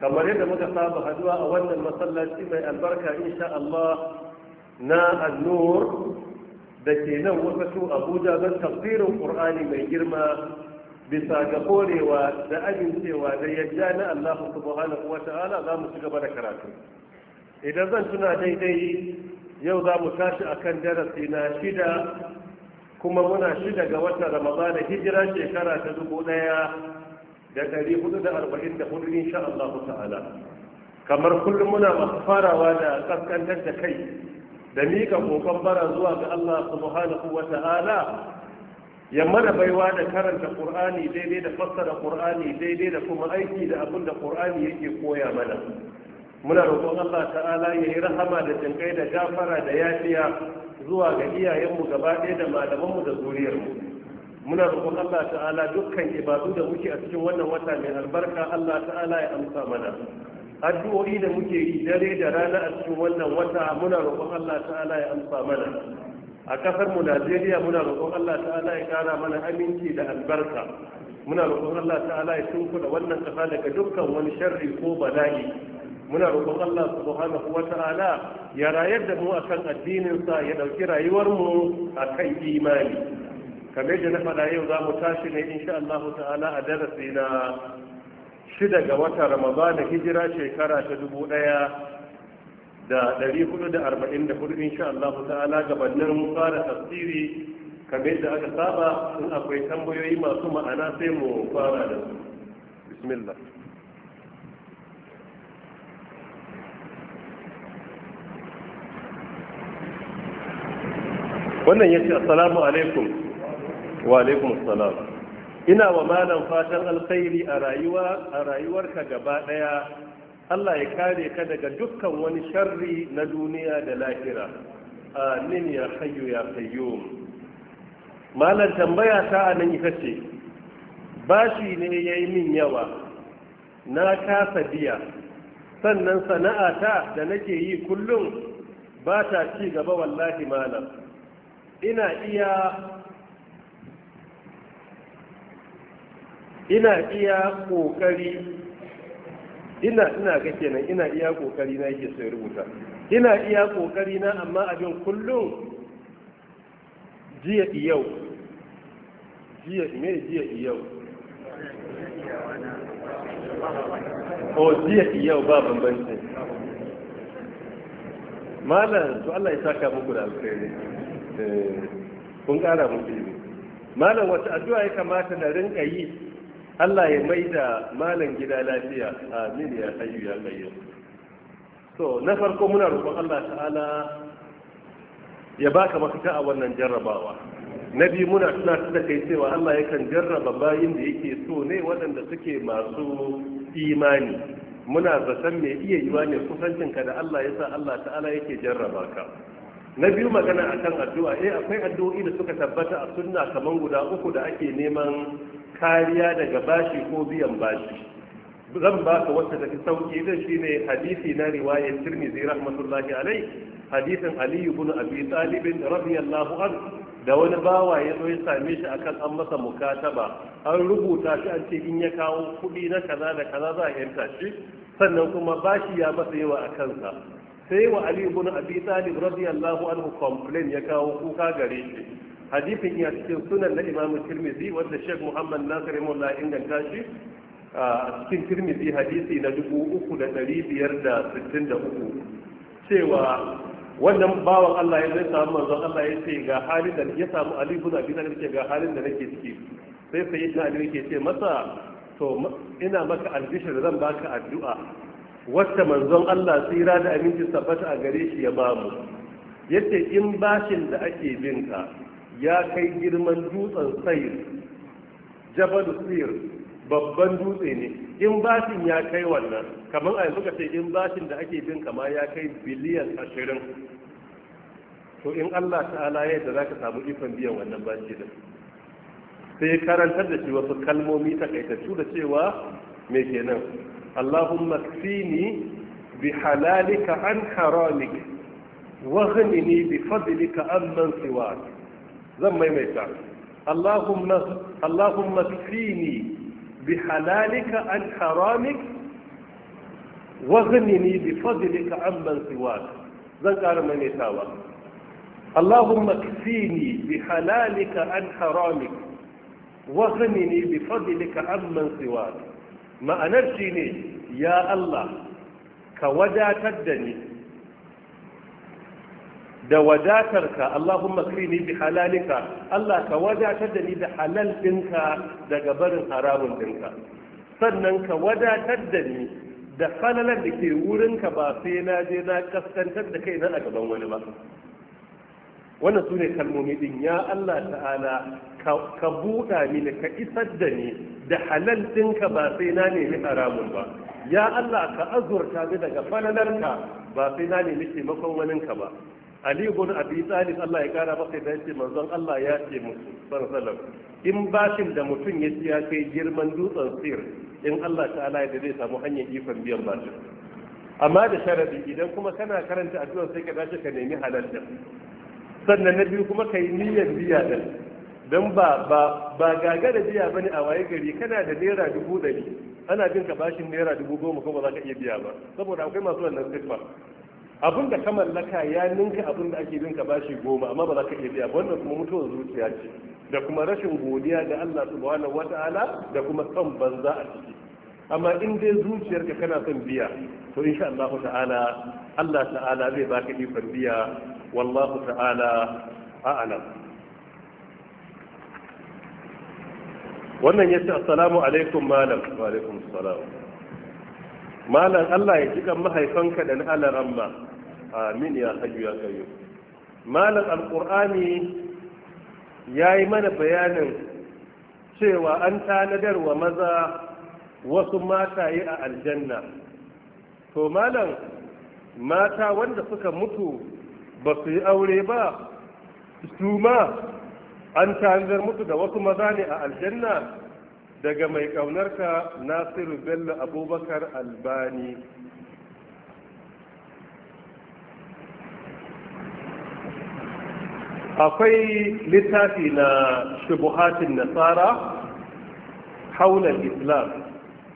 kamar yadda muka saba haduwa a wannan masallaci mai albarka insha Allah na annur da ke nan wasu abuja don tafsirin ƙur'ani mai girma bisa ga korewa da amincewa da yadda na allahu subhanahu wa ta'ala za mu ci gaba da karatu idan zan tuna daidai yau za mu tashi kan darasi na shida kuma muna shida ga watan ramadana hijira shekara ta dubu ɗaya da ɗari hudu da arba'in da hudu insha Allah ta'ala kamar kullum muna masu farawa da kaskantar da kai da mika kokon bara zuwa ga Allah subhanahu wa ta'ala ya mana baiwa da karanta qur'ani daidai da fassara qur'ani daidai da kuma aiki da abin da qur'ani yake koya mana muna roƙon Allah ta'ala ya yi rahama da jinkai da gafara da yafiya zuwa ga iyayenmu gaba ɗaya da malamanmu da zuriyarmu muna roƙon Allah ta'ala dukkan ibadu da muke a cikin wannan wata mai albarka Allah ta'ala ya amsa mana addu'o'i da muke yi dare da rana a cikin wannan wata muna roƙon Allah ta'ala ya amsa mana a kasar mu Najeriya muna roƙon Allah ta'ala ya ƙara mana aminci da albarka muna roƙon Allah ta'ala ya tunkuda wannan kasa daga dukkan wani sharri ko bala'i muna roƙon Allah subhanahu ta'ala ya rayar da mu akan addinin sa ya dauki rayuwar mu akan imani kamar yadda na faɗa yau za mu tashi ne sha Allah ta'ala a darasi na shida ga wata da hijira shekara ta dubu ɗaya da ɗari hudu da arba'in da hudu Allah ta'ala gabanin mu fara tafsiri kamar yadda aka saba in akwai tambayoyi masu ma'ana sai mu fara da su bismillah wannan ya ce assalamu alaikum wa salam ina wa malam fatan alkhairi a rayuwa a rayuwarka gaba daya Allah ya kare ka daga dukkan wani sharri na duniya da lahira amin ya hayyu ya qayyum malam tambaya ta anan ita ce bashi ne yayi min yawa na kasa biya sannan sana'a ta da nake yi kullum ba ta ci gaba wallahi malam ina iya ina iya kokari ina ina ga kenan ina iya kokari na yake sai rubuta ina iya kokari na amma abin kullum jiya yau jiya ne jiya yau o oh, jiya yau ba bambanci malam to Allah ya saka muku da alkhairi eh, kun kara muku malam wata addu'a ya kamata na rinka yi Allah ya mai da malam gida lafiya amin ya hayyu ya qayyum to na farko muna roƙon Allah ta'ala ya baka mafita a wannan jarrabawa na biyu muna tuna da kai cewa Allah yakan jarraba bayin da yake so ne waɗanda suke masu imani muna zaton mai iya yiwa ne kusancinka da Allah ya sa Allah ta'ala yake jarraba ka na biyu magana akan addu'a eh akwai addu'o'i da suka tabbata a sunna kamar guda uku da ake neman kariya daga bashi ko biyan bashi zan ba ka wacce tafi sauki da? shi ne hadisi na riwayar tirmidhi rahmatullahi alai hadisin Aliyu, ibn abi talib radiyallahu an da wani bawa ya zo ya same shi akan an masa mukataba an rubuta shi an ce in ya kawo kuɗi na kaza da kaza za a yanka shi sannan kuma bashi ya masa yawa a kansa sai wa ali ibn abi talib radiyallahu anhu complain ya kawo kuka gare shi hadisin ya cikin sunan na imamu tirmizi wanda sheikh muhammad nasir na inganta shi a cikin tirmizi hadisi na dubu uku da ɗari biyar da sittin da uku cewa wannan bawan allah ya zai samu manzon allah ya ce ga halin da ya samu ali ga halin da nake ciki sai sai ya ali yake ce masa to ina maka albishir zan baka addu'a wacce manzon allah tsira da abincin sabbata a gare shi ya bamu yace in bashin da ake binka. ya kai girman dutsen tsayin, jabal sayir babban dutse ne in bashin ya kai wannan kamar a yanzu ka ce in bashin da ake bin kama ya kai biliyan ashirin to in Allah ta'ala ya da za ka samu ifan biyan wannan bashi da sai karantar da shi wasu kalmomi ta takaitattu da cewa me kenan Allahumma kfini bi halalika an haramik wa ghnini bi fadlika amman siwak zan maimaita Allahumma Allahumma fini bi halalika an haramik wa ghnini bi fadlika amman siwak zan ƙara maimaitawa Allahumma kfini bi halalika an haramik wa ghnini bi fadlika amman siwak ma'anar ne ya Allah ka wadatar da ni da wadatarka Allahumma krini bi halalika Allah ka wadatar da ni da halal dinka daga barin haramun dinka sannan ka wadatar da ni da falalar da ke wurinka ba sai na je na kaskantar da kai na a gaban wani ba wannan su ne kalmomi din ya Allah ta'ala ka buɗa mini ka isar da ni da halal ɗinka ba sai na nemi haramun ba ya Allah ka azurta ni daga falalarka ba sai na nemi taimakon waninka ba ali ibn abi talib Allah ya kara masa da yace manzon Allah ya ce musu sallallahu in bashin da mutum ya ci ya kai girman dutsen sir in Allah ta'ala ya zai samu hanyar ikon biyan bashin amma da sharadi idan kuma kana karanta addu'a sai ka dace ka nemi halal sannan na biyu kuma kai niyyar biya da don ba ba ba gaga da biya bane a waye gari kana da naira dubu ɗari ana bin ka bashin naira dubu goma kuma ba za ka iya biya ba saboda akwai masu wannan siffa abin da ka mallaka ya ninka abin da ake bin ka bashi goma amma ba za ka iya biya wannan kuma mutuwar zuciya ce da kuma rashin godiya ga Allah subhanahu wata'ala da kuma son banza a ciki amma in dai zuciyarka kana son biya to insha Allah ta'ala Allah ta'ala zai baka ikon biya wallahu ta'ala a'lam wannan yace assalamu alaikum malam wa alaikum assalam malam Allah ya jikan mahaifanka da na alaramma amin ya hayyu ya kayu malam alqur'ani yayi mana bayanin cewa an tanadar wa maza wasu mata yi a aljanna to malam mata wanda suka mutu ba su yi aure ba su ma an tanadar mutu da wasu maza ne a aljanna daga mai ƙaunarka nasiru bello abubakar albani akwai littafi na shubuhatin nasara haular islam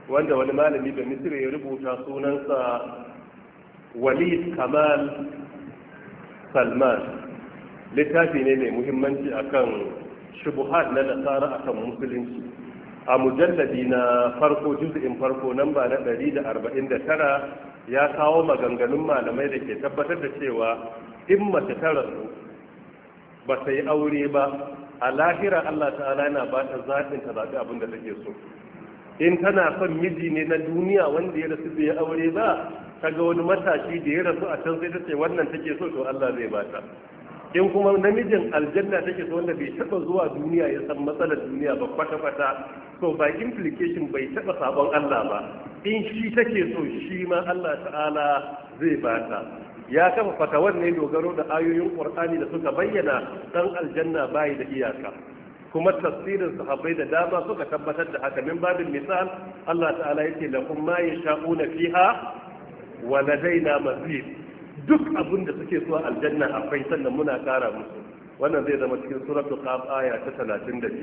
wanda wani malami da misira ya rubuta sunansa walid kamal salman littafi ne mai muhimmanci akan shubuhat na nasara akan musulunci a mujalladi na farko juz'in farko nan ba na 149 ya kawo maganganun malamai da ke tabbatar da cewa in mace ta su? ba ta yi aure ba a lahira Allah ta'ala yana ba ta zaɓin ta zaɓi abin da take so in tana son miji ne na duniya wanda ya rasu bai aure ba ta ga wani matashi da ya rasu a can sai ta ce wannan take so to Allah zai ba ta in kuma namijin aljanna take so wanda bai taba zuwa duniya ya san matsalar duniya ba kwata kwata so by implication bai taba sabon Allah ba in shi take so shi ma Allah ta'ala zai ba ta. ya kafa fatawar ne dogaro da ayoyin ƙur'ani da suka bayyana ɗan aljanna bai da iyaka kuma tafsirin sahabbai da dama suka tabbatar da haka min babin misal Allah ta'ala yake kun ma yasha'una fiha wa ladaina mazid duk abin da suke so aljanna akwai sannan muna kara musu wannan zai zama cikin suratul qaf aya ta 35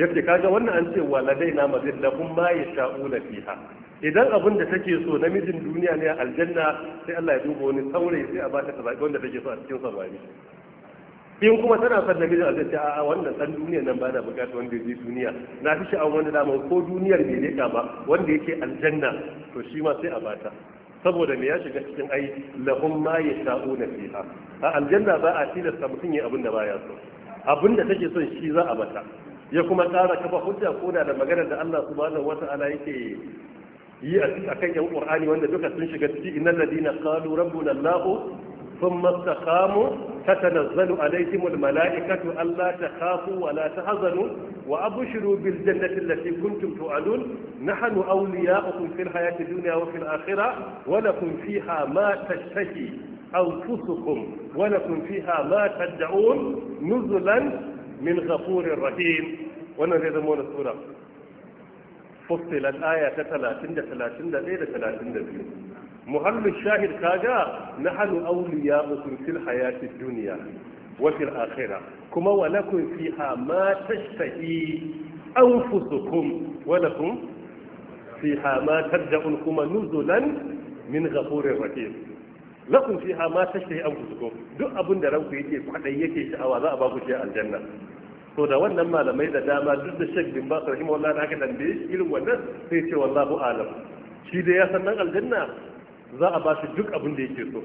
yace kaga wannan an ce wa ladaina mazid lahum ma yasha'una fiha idan abin da take so na mijin duniya ne a aljanna sai Allah ya duba wani saurayi sai a ba ta kaza wanda take so a cikin samari in kuma tana son na mijin aljanna a wannan san duniya nan ba na bukata wanda yake duniya na fi sha'an wanda dama ko duniyar bai leka ba wanda yake aljanna to shi ma sai a bata saboda me ya shiga cikin ai lahum ma yasha'una fiha a aljanna ba a tilasta mutum ya abin da baya so abin da take son shi za a bata ya kuma tsara kafa hujja ko da maganar da Allah subhanahu wata'ala yake yi a cikin akan yan qur'ani wanda duka sun shiga ciki innal ladina qalu rabbuna allah thumma istaqamu tatanazzalu alaihim al malaikatu alla takhafu wa la tahzanu wa abshiru bil jannati allati kuntum tu'adun nahnu awliya'ukum fil hayati dunya wa fil akhirah wa lakum fiha ma tashtahi anfusukum wa lakum fiha ma tad'un nuzulan min ghafurir rahim wannan zai zama wannan sura fussilat aya ta 30 da 31 da 32 muhallin shahid kaga nahnu awliya'ukum fil hayati dunya wa fil akhirah kuma wa lakum fiha ma tashtahi anfusukum wa lakum fiha ma tad'un kuma nuzulan min ghafurir rahim lakum fiha ma tashtahi anfusukum duk abin da ranku yake kwadai yake sha'awa za a ba ku shi aljanna to da wannan malamai da dama duk da shek bin basu rahimu wallah da aka tambaye irin wannan sai ce wallahu alam shi dai ya san nan aljanna za a ba shi duk abin da yake so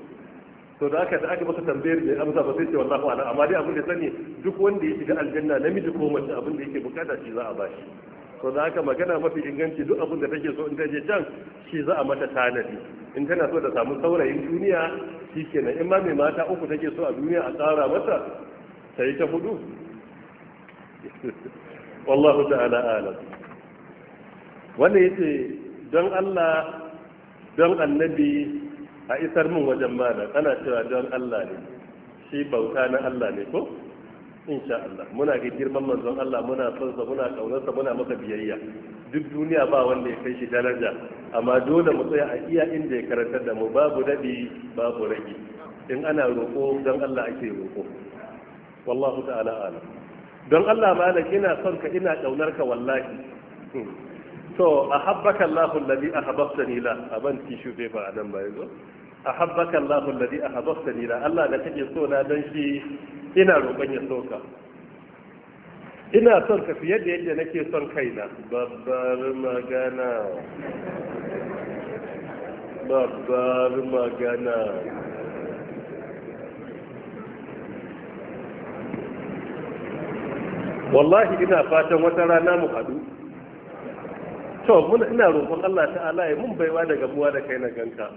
to da aka da aka masa tambayar da amsa ba sai ce wallahu alam amma dai abin da sani duk wanda ya shiga aljanna namiji ko mace abin da yake bukata shi za a ba shi to da aka magana mafi inganci duk abin da take so in ta je can shi za a mata tanadi in tana so da samu saurayin duniya shi kenan in ma mai mata uku take so a duniya a tsara mata ta yi ta hudu wallahu ta'ala alam wanda yace don Allah don annabi a isar min wajen malam ana cewa don Allah ne shi bauta na Allah ne ko insha Allah muna ga girman manzon Allah muna son sa muna kaunar sa muna maka biyayya duk duniya ba wanda ya kai shi daraja amma dole mu tsaya a iya inda ya karantar da mu babu dadi babu rage in ana roƙo don Allah ake roƙo wallahu ta'ala alam don Allah malam ina son ka ina ƙaunar ka wallahi to a ahabbaka Allahu alladhi nila, a ban tishu bai ba a nan ba A yazo ahabbaka Allahu alladhi ahabbtani nila, Allah da kake so na don shi ina roƙon ya ka. ina son ka fiye da yadda nake son kaina babbar magana babbar magana wallahi ina fatan wata rana mu haɗu to mun ina roƙon Allah ta'ala ya mun baiwa daga buwa da kai na ganka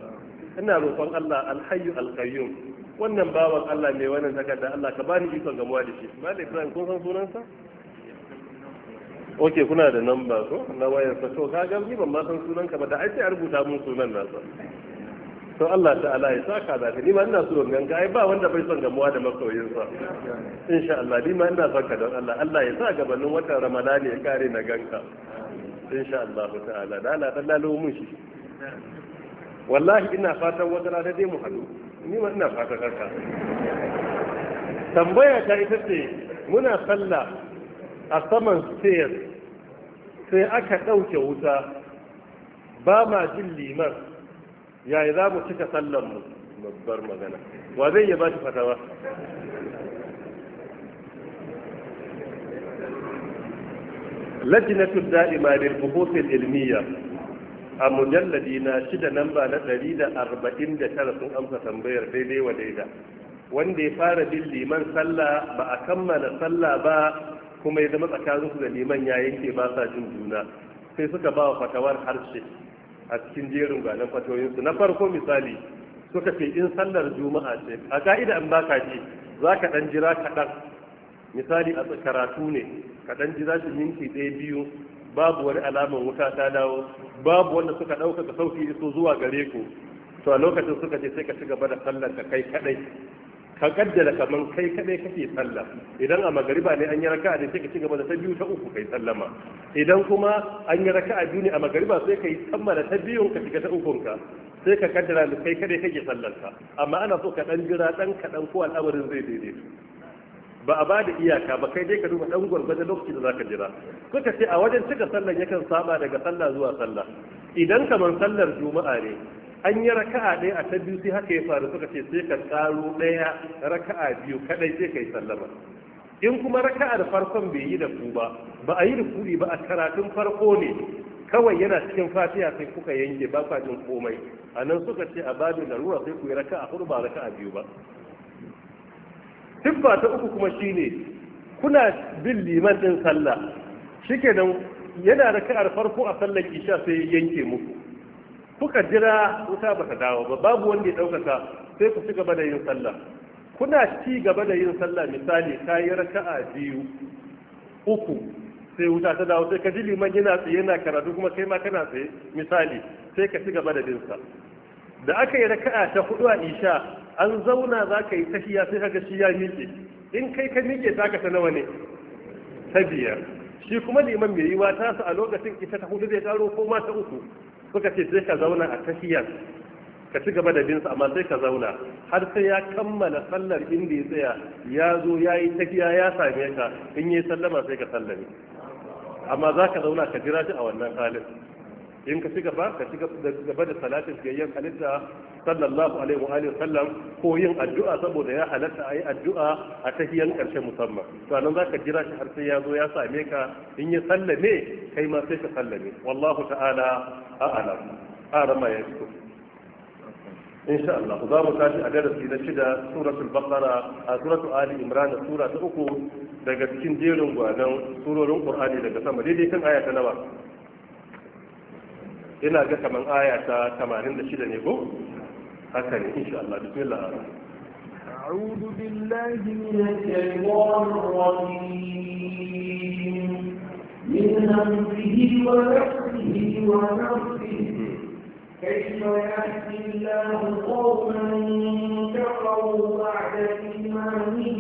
ina roƙon Allah alhayyu alqayyum wannan bawan Allah mai wannan takarda Allah ka bani ikon gamuwa da shi malai Ibrahim kun san sunansa ok kuna da namba ko na wayarsa to ka ga ban ma san ka ba da ai sai a rubuta mun sunan nasa to Allah ta'ala ya saka da ni ma ina so ganka ai ba wanda bai son gamuwa da masoyinsa insha Allah ni ma ina son ka don Allah Allah ya sa gabanin watan Ramadan ya kare na ganka insha Allah ta'ala da Allah dan lalo mun shi wallahi ina fatan wata rana dai mu hadu ni ma ina fatan karka tambaya ta ita ce muna sallah a saman stairs sai aka ɗauke wuta ba ma jin liman yayi za mu cika sallar mu babbar magana wa zai yi ba shi fatawa lajinatul da'ima lil buhuth al ilmiya a mujalladi na shida namba na 149 sun amsa tambayar daidai wa daida wanda ya fara bin liman sallah ba a kammala sallah ba kuma ya zama tsakaninsu da liman ya yanke ba sa jin juna sai suka ba wa fatawar harshe a cikin jerin gwanan fatoyinsu na farko misali suka ce in sallar juma'a ce a ka'ida an baka ji za ka ɗan jira kaɗan misali a karatu ne ka ɗan jira shi minti ɗaya biyu babu wani alamar wuta ta dawo babu wanda suka ɗauka ka sauki iso zuwa gare ku to a lokacin suka ce sai ka ci gaba da sallar ka kai kaɗai ka kaddara kaman kai kadai kake sallah idan a magariba ne an yi raka'a ne sai ka ci gaba da ta biyu ta uku kai sallama idan kuma an yi raka'a biyu ne a magariba sai ka yi kammala ta biyun ka shiga ta ukun ka sai ka kaddara da kai kadai kake sallar ka amma ana so ka dan jira dan kadan ko al'amarin zai daidaito ba a bada iyaka ba kai dai ka duba dan gwargwadon lokaci da zaka jira kuka ce a wajen cika sallar yakan saba daga sallah zuwa sallah idan kamar sallar juma'a ne an yi raka'a ɗaya a ta biyu sai haka ya faru suka ce sai ka tsaro ɗaya raka'a biyu kaɗai sai ka yi sallama in kuma raka'ar farkon bai yi da ku ba ba a yi rukuri ba a karatun farko ne kawai yana cikin fatiha sai kuka yanke ba kwa jin komai a nan suka ce a babin larura sai ku yi raka'a huɗu ba raka'a biyu ba tibba ta uku kuma shine kuna bin liman ɗin sallah nan yana raka'ar farko a sallar isha sai yanke muku kuka jira wuta ba ta dawo ba babu wanda ya ɗaukaka sai ku ci gaba da yin sallah kuna ci gaba da yin sallah misali ta yi raka'a biyu uku sai wuta ta dawo sai ka ji liman yana tsaye yana karatu kuma kai ma kana tsaye misali sai ka ci gaba da bin da aka yi raka'a ta hudu a isha an zauna za ka yi tahiya sai kaga shi ya miƙe in kai ka miƙe za ka ta nawa ne ta biyar shi kuma liman mai yiwa ta su a lokacin ita ta hudu zai karo ko ma ta uku suka ce sai ka zauna a tafiyar ka ci gaba da binsa amma sai ka zauna har sai ya kammala sallar inda ya tsaya ya zo ya yi tafiya ya same ka in yi sallama sai ka sallame amma za ka zauna ka jira shi a wannan halin in ka ci gaba ka ci gaba da salatin fiyayyen halitta sallallahu alaihi wa alihi sallam ko yin addu'a saboda ya halatta ayi addu'a a tahiyan karshe musamman to anan zaka jira shi har sai ya zo ya same ka in ya sallame kai ma sai ka sallame wallahu ta'ala a'lam arama ya za mu tashi الله ضام تاتي أدرس إلى شدة سورة البقرة ali imran إمران سورة uku daga cikin jerin gwanan surorin Qur'ani daga sama daidai kan ayata nawa ina ga kaman aya ta 86 ne ko haka ne insha Allah bismillah أعوذ بالله من الشيطان الرجيم من همزه ونفسه ونفسه كيف يهدي الله قوما كفروا بعد إيمانهم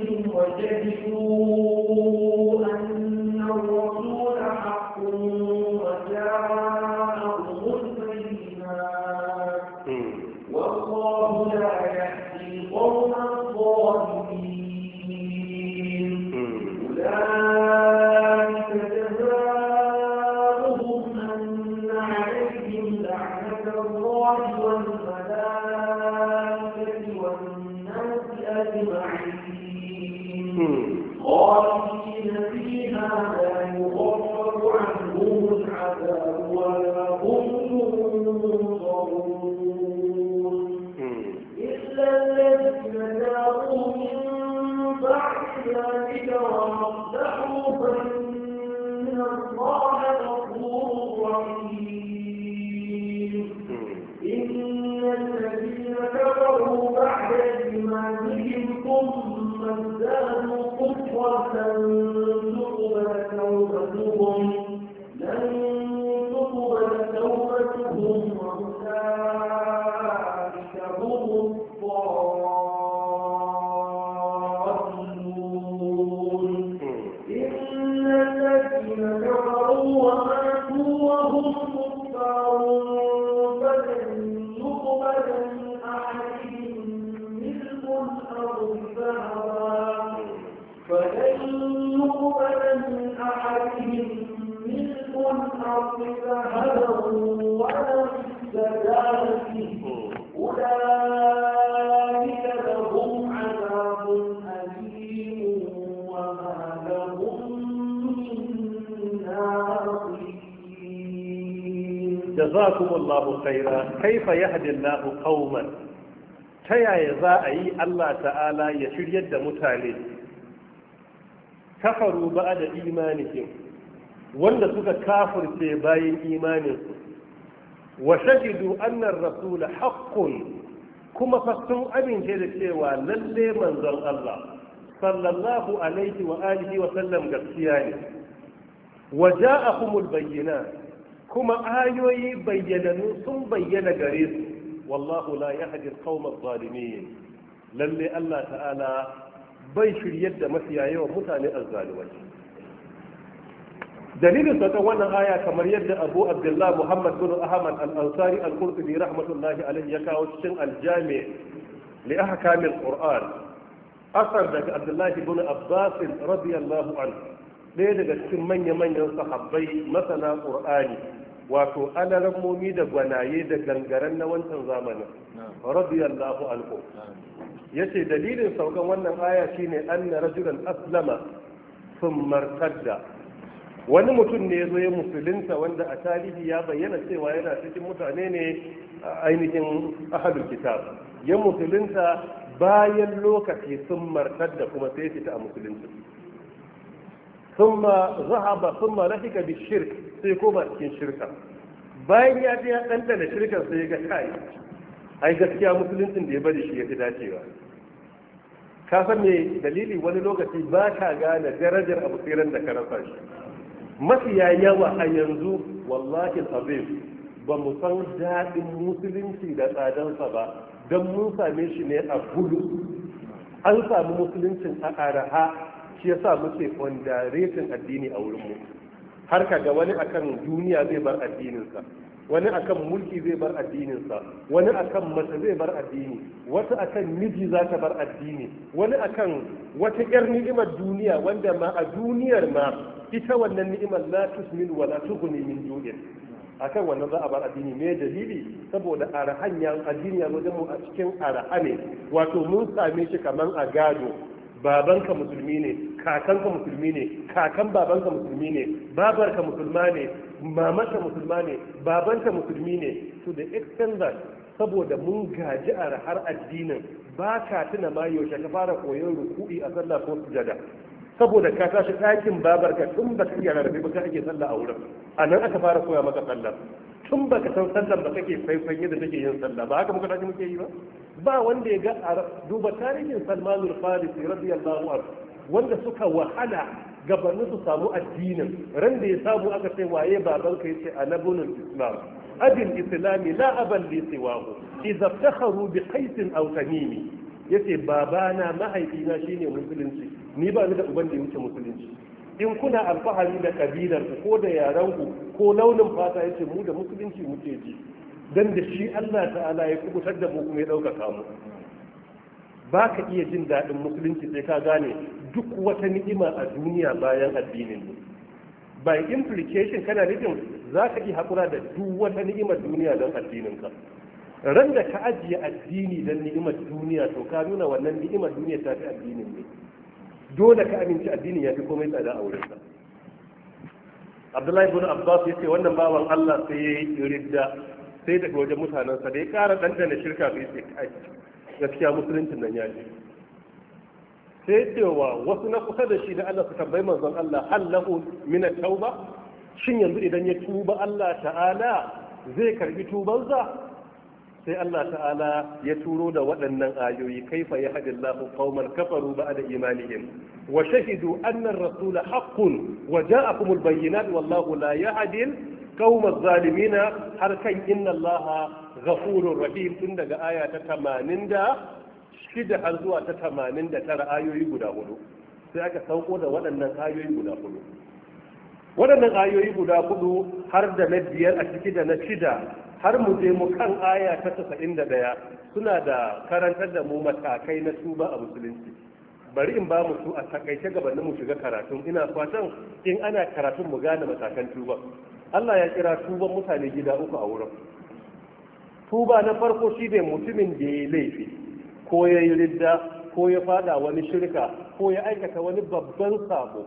jazakumullahu khaira kaifa yahdillahu qauman ta yaya za a yi Allah ta'ala ya shiryar da mutane kafaru ba da imanihim wanda suka kafirce bayan imaninsu wa shahidu annar rasul haqqun kuma fa sun amince da cewa lalle manzon Allah sallallahu alaihi wa alihi wa sallam gaskiya ne wa ja'akumul bayyinat kuma ayoyi bayyananu sun bayyana gare su wallahu la yahdi al-qawma adh lalle Allah ta'ala bai shiryar da mafiya yawan mutane azzalimai dalilin sa wannan aya kamar yadda Abu Abdullah Muhammad bin Ahmad al-Ansari al-Qurtubi rahmatullahi ya kawo cikin al-Jami' li ahkam al-Qur'an asar daga Abdullah bin Abbas radiyallahu anhu ɗaya daga cikin manya-manyan sahabbai masana Qur'ani wato alarammomi da gwanaye da gangaren na wancan zamanin radiyallahu anhu yace dalilin saukan wannan aya shine anna rajulan aslama thumma martadda wani mutum ne zo ya musulunta wanda a tarihi ya bayyana cewa yana cikin mutane ne a ainihin ahalul kitab ya musulunta bayan lokaci sun martadda kuma sai fita a musulunci ثم ذهب ثم لحق بالشرك sai koma cikin shirka bayan ya je ya ɗanɗana shirkar sai ya ga kai ai gaskiya musuluncin da ya bari shi ya fi dacewa ka san me dalili wani lokaci ba ka gane darajar abu tseren da ka rasa shi mafiya yawa a yanzu wallahi azim ba mu san daɗin musulunci da tsadansa ba don mun same shi ne a gudu an samu musuluncin a araha shi ya yasa muke fondaretin addini a wurin mu har ka ga wani akan duniya zai bar addininsa wani akan mulki zai bar addininsa wani akan mace zai bar addini wata akan miji za ta bar addini wani akan wata yar ni'imar duniya wanda ma a duniyar ma ita wannan ni'imar la tusmin wa la tughni min ju'in akan wannan za a bar addini me dalili saboda arahan ya addini ya zama mu a cikin araha wato mun same shi kaman a gado babanka musulmi ne kakanka musulmi ne kakan babanka musulmi ne babarka musulma ne mamanka musulma ne babanka musulmi ne to the extent that saboda mun gaji a har addinin ba ka tuna ma yaushe ka fara koyon ruku'i a sallah ko sujada saboda ka tashi ɗakin babarka tun ba ka iya rarrabe ba ka ake sallah a wurin a nan aka fara koya maka sallah tun baka san sallah ba kake faifan yadda take yin sallah ba haka muka tashi muke yi ba ba wanda ya ga duba tarihin Salman farisi radiyallahu anhu wanda suka wahala gabanin su samu addinin ran da ya samu aka ce waye baban ka yace anabunul islam ajin islami la aban li siwahu idza takharu bi qaisin aw tamimi yace babana mahaifina shine musulunci ni ba ni da uban da yake musulunci in kuna alfahari da kabilar ko da yaran ku ko launin fata yace mu da musulunci muke ji dan da shi Allah ta'ala ya kubutar da mu kuma ya dauka mu ba ka iya jin daɗin musulunci sai ka gane duk wata ni'ima a duniya bayan addinin ne by implication kana nufin za ka yi haƙura da duk wata ni'imar duniya don addininka ran da ka ajiye addini don ni'imar duniya to ka nuna wannan ni'imar duniya ta fi addinin ne dole ka aminci addini ya fi komai tsada a wurinsa abdullahi ibn abbas yace wannan bawan allah sai ya yi ridda sai daga wajen mutanensa da ya ƙara ɗanɗana shirka sai ya ce gaskiya musuluncin nan ya ji sai cewa wasu na kusa da shi da Allah su tambayi manzon Allah hallahu min tauba shin yanzu idan ya tuba Allah ta'ala zai karbi tubansa sai Allah ta'ala ya turo da waɗannan ayoyi kaifa ya hadin lahu qauman kafaru ba'da imanihim wa shahidu annan ar-rasula haqqun wa ja'akumul bayyinat wallahu la yahdil qaumaz zalimina har kan inna allaha ghafurur rahim tun daga aya ta tamanin da? shida har zuwa ta tamanin da tara ayoyi guda hudu sai aka sauko da waɗannan ayoyi guda hudu waɗannan ayoyi guda hudu har da na biyar a ciki da na shida har mu je mu kan aya ta tasa'in da ɗaya suna da karantar da mu matakai na tuba a musulunci bari in ba mu su a takaice gabanin mu shiga karatun ina fatan in ana karatun mu gane matakan tuba Allah ya kira tuban mutane gida uku a wurin tuba na farko shi ne mutumin da ya laifi ko ya yi ridda ko ya fada wani shirka ko ya aikata wani babban sabo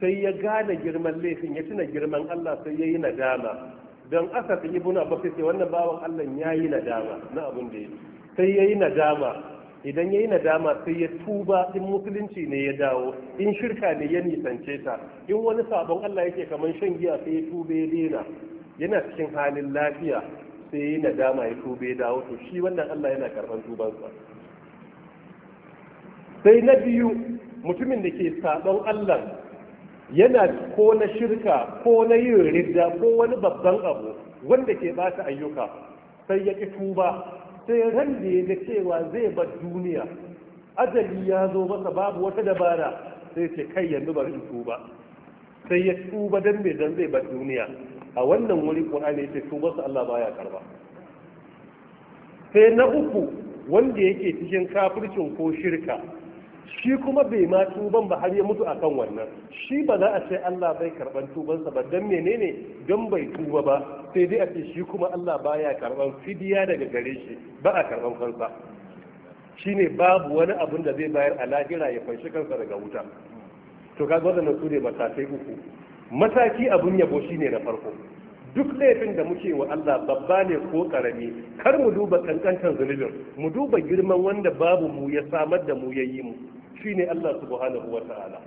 sai ya gane girman laifin ya tuna girman Allah sai ya yi nadama don aka yi buna abbas sai wannan bawan Allah ya yi nadama na abin da ya yi. sai ya yi nadama idan ya yi nadama sai ya tuba in musulunci ne ya dawo in shirka ne ya nisance ta in wani sabon Allah yake kamar shan giya sai ya tuba ya daina yana cikin halin lafiya sai yi nadama ya tobe ya dawo to shi wannan Allah yana karban tubansa sai na biyu mutumin da ke sabon Allah yana ko na shirka ko na yin ridda ko wani babban abu wanda ke bata ayyuka sai ya ƙi tuba sai ran da ya cewa zai bar duniya ajali ya zo masa babu wata dabara sai ce kai yanzu bari in tuba sai ya tuba dan me dan zai bar duniya a wannan wuri qur'ani ce tuba su Allah baya karba sai na uku wanda yake cikin kafircin ko shirka shi kuma bai ma tuban ba har ya mutu akan wannan shi ba za a ce Allah bai karban tubansa ba dan menene don bai tuba ba sai dai a ce shi kuma Allah baya karban fidiya daga gare shi ba a karban kansa ne babu wani abin da zai bayar a lahira ya fanshi kansa daga wuta to kaga wannan su ne matakai uku mataki abun yabo shine na farko duk laifin da muke wa Allah babba ne ko karami kar mu duba kankantan zunubin mu duba girman wanda babu mu ya samar da mu yayi mu shine Allah subhanahu ta'ala.